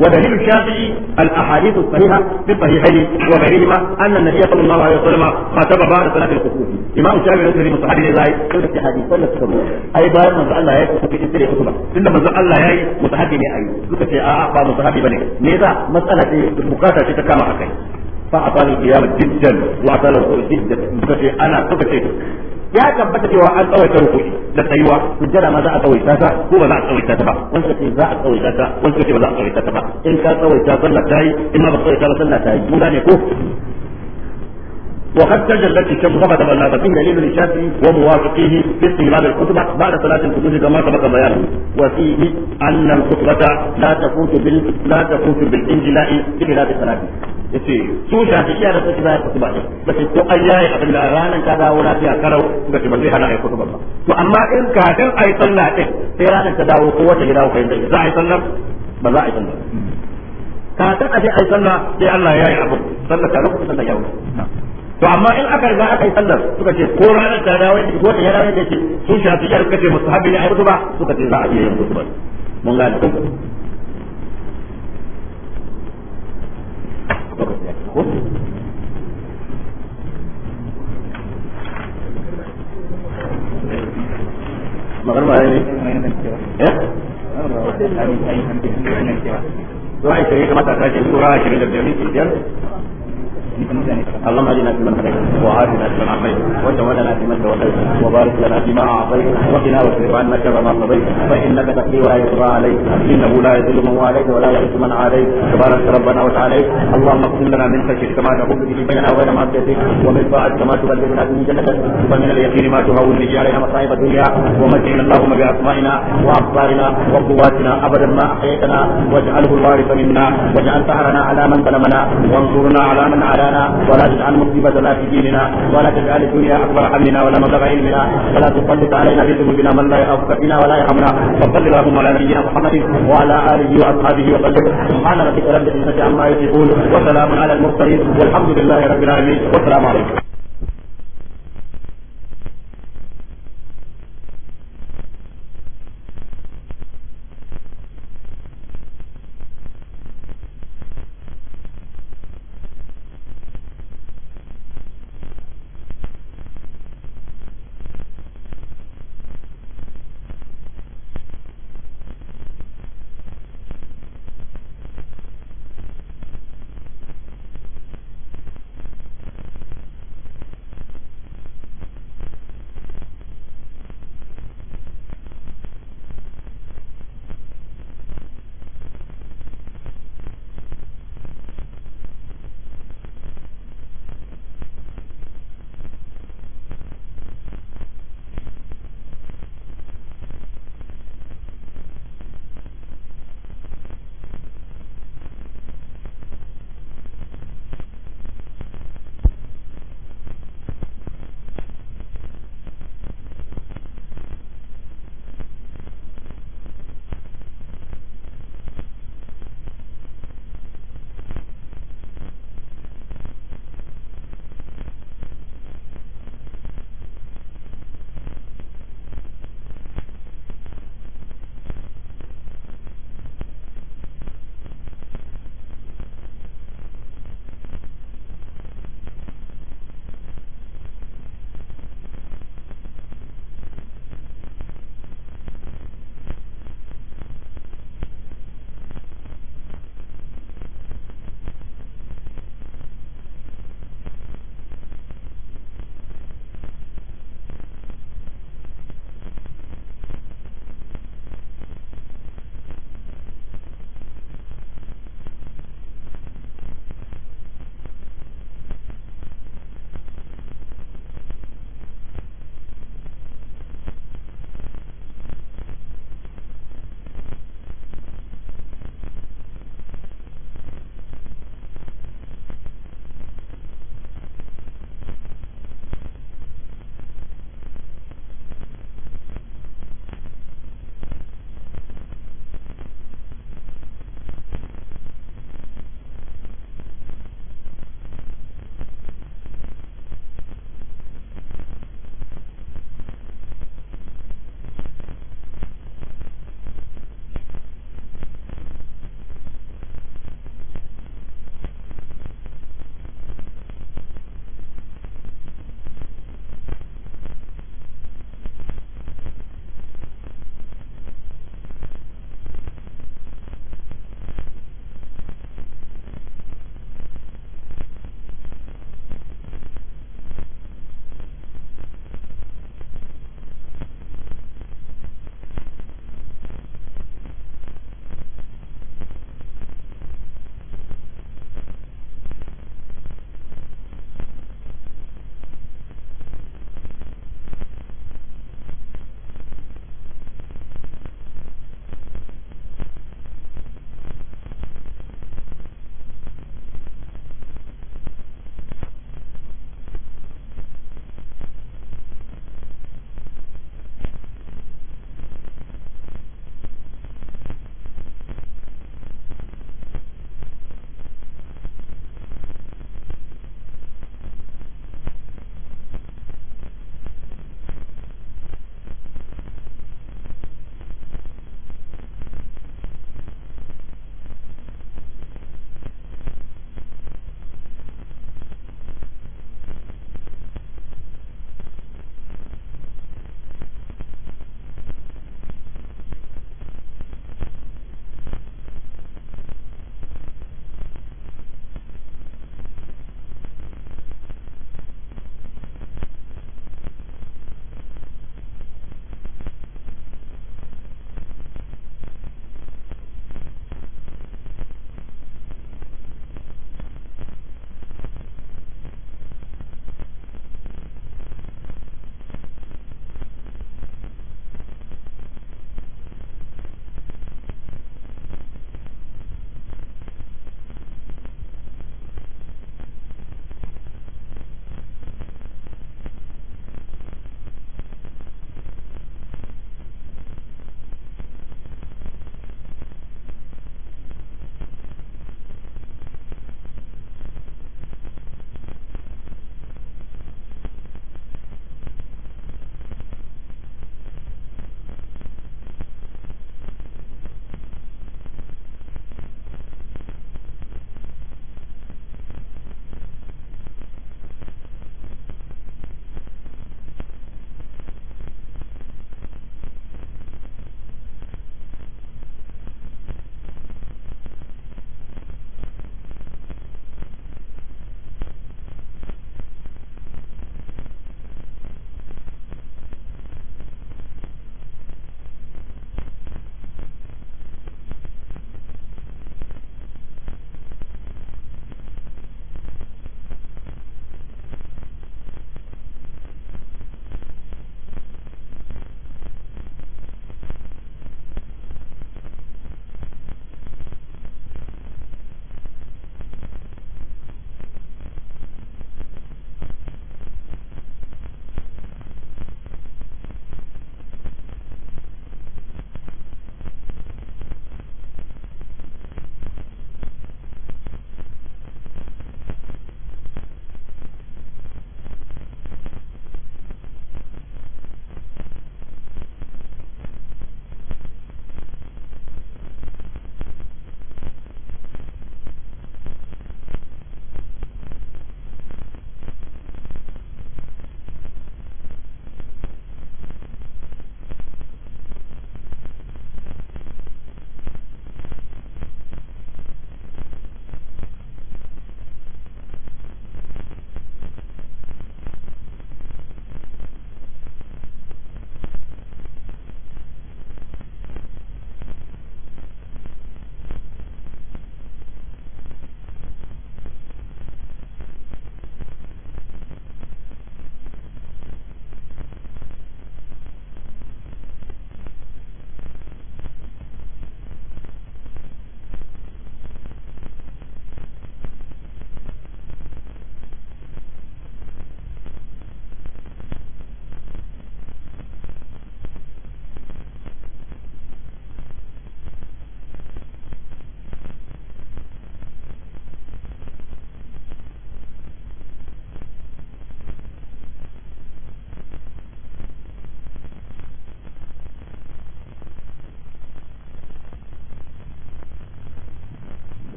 Speaker 1: ودليل الشافعي
Speaker 3: الاحاديث الصحيحه في الصحيحين وغيرهما ان النبي صلى الله عليه وسلم خطب
Speaker 1: بعد صلاه الخطوب امام الشافعي رضي الله عنه لا يقول في حديث صلى الله اي بعد ما الله يا في تفسير الخطبه inda manzon Allah yayi mutahabbi ne ayi suka ce a'a ba mutahabbi bane me yasa matsala ce bukata ce ta kama akai fa a tsari jiddan wa tsara jiddan suka ce ana suka ce ya tabbata cewa an tsawaita rukuni da tsayuwa sujjada ma za a tsawaita ta ko ba za a tsawaita ta ba wanda ce za a tsawaita ta wanda ce ba za a tsawaita ta ba in ka tsawaita sallah ta yi in ma ba tsawaita ba sallah ta yi mun gane ko وقد تجلت الشمس فقد بلغ فيه دليل للشافعي وموافقيه في استقبال الخطبة بعد صلاة الخطوب كما سبق بيانه وفيه أن الخطبة لا تفوت بال لا تفوت بالانجلاء بخلاف الصلاة yace su shafi'iya da suke bayar kutuba ne ba ce ko ai yayi abin da ranar ta dawo lafiya karau ba ce ba zai hana ai kutuba ba to amma in kafin yi sallah din sai ranar ta dawo ko wata gida ko yanda za a yi sallah ba za a yi sallah kafin a je ai sallah sai Allah ya yi abu sallah ta to amma in aka riga aka yi sallar suka ce ko ranar ta dawo ko ta yana da ce su shafi yar kace musu habi ne a ba suka ce za a iya yin kutuba mun gane ko magarba ne eh to ai sai kamata ka ce sura 25 اللهم اجعلنا في من هديت وعافنا في من عافيت وتولنا في من توليت وبارك لنا فيما اعطيت وقنا واصرف عنا شر ما قضيت فانك تقضي ولا يقضى عليك انه لا يذل من واليت ولا يعز من عليك تبارك ربنا وتعالى اللهم اقسم لنا من خشيتك كما تقوم به بيننا وبين معصيتك ومن طاعتك كما تبلغنا به جنتك ومن اليقين ما تهون به علينا مصائب الدنيا ومتعنا اللهم باسمائنا وابصارنا وقواتنا ابدا ما احييتنا واجعله الوارث منا واجعل ثارنا على من ظلمنا وانصرنا على من عادانا مولانا ولا تجعل مصيبتنا في ديننا ولا تجعل الدنيا اكبر همنا ولا مبلغ علمنا ولا تسلط علينا بذنوبنا من لا يخافك فينا ولا يرحمنا وصل اللهم على نبينا محمد وعلى اله واصحابه وسلم سبحان ربك رب العزه عما يصفون وسلام على المرسلين والحمد لله رب العالمين والسلام عليكم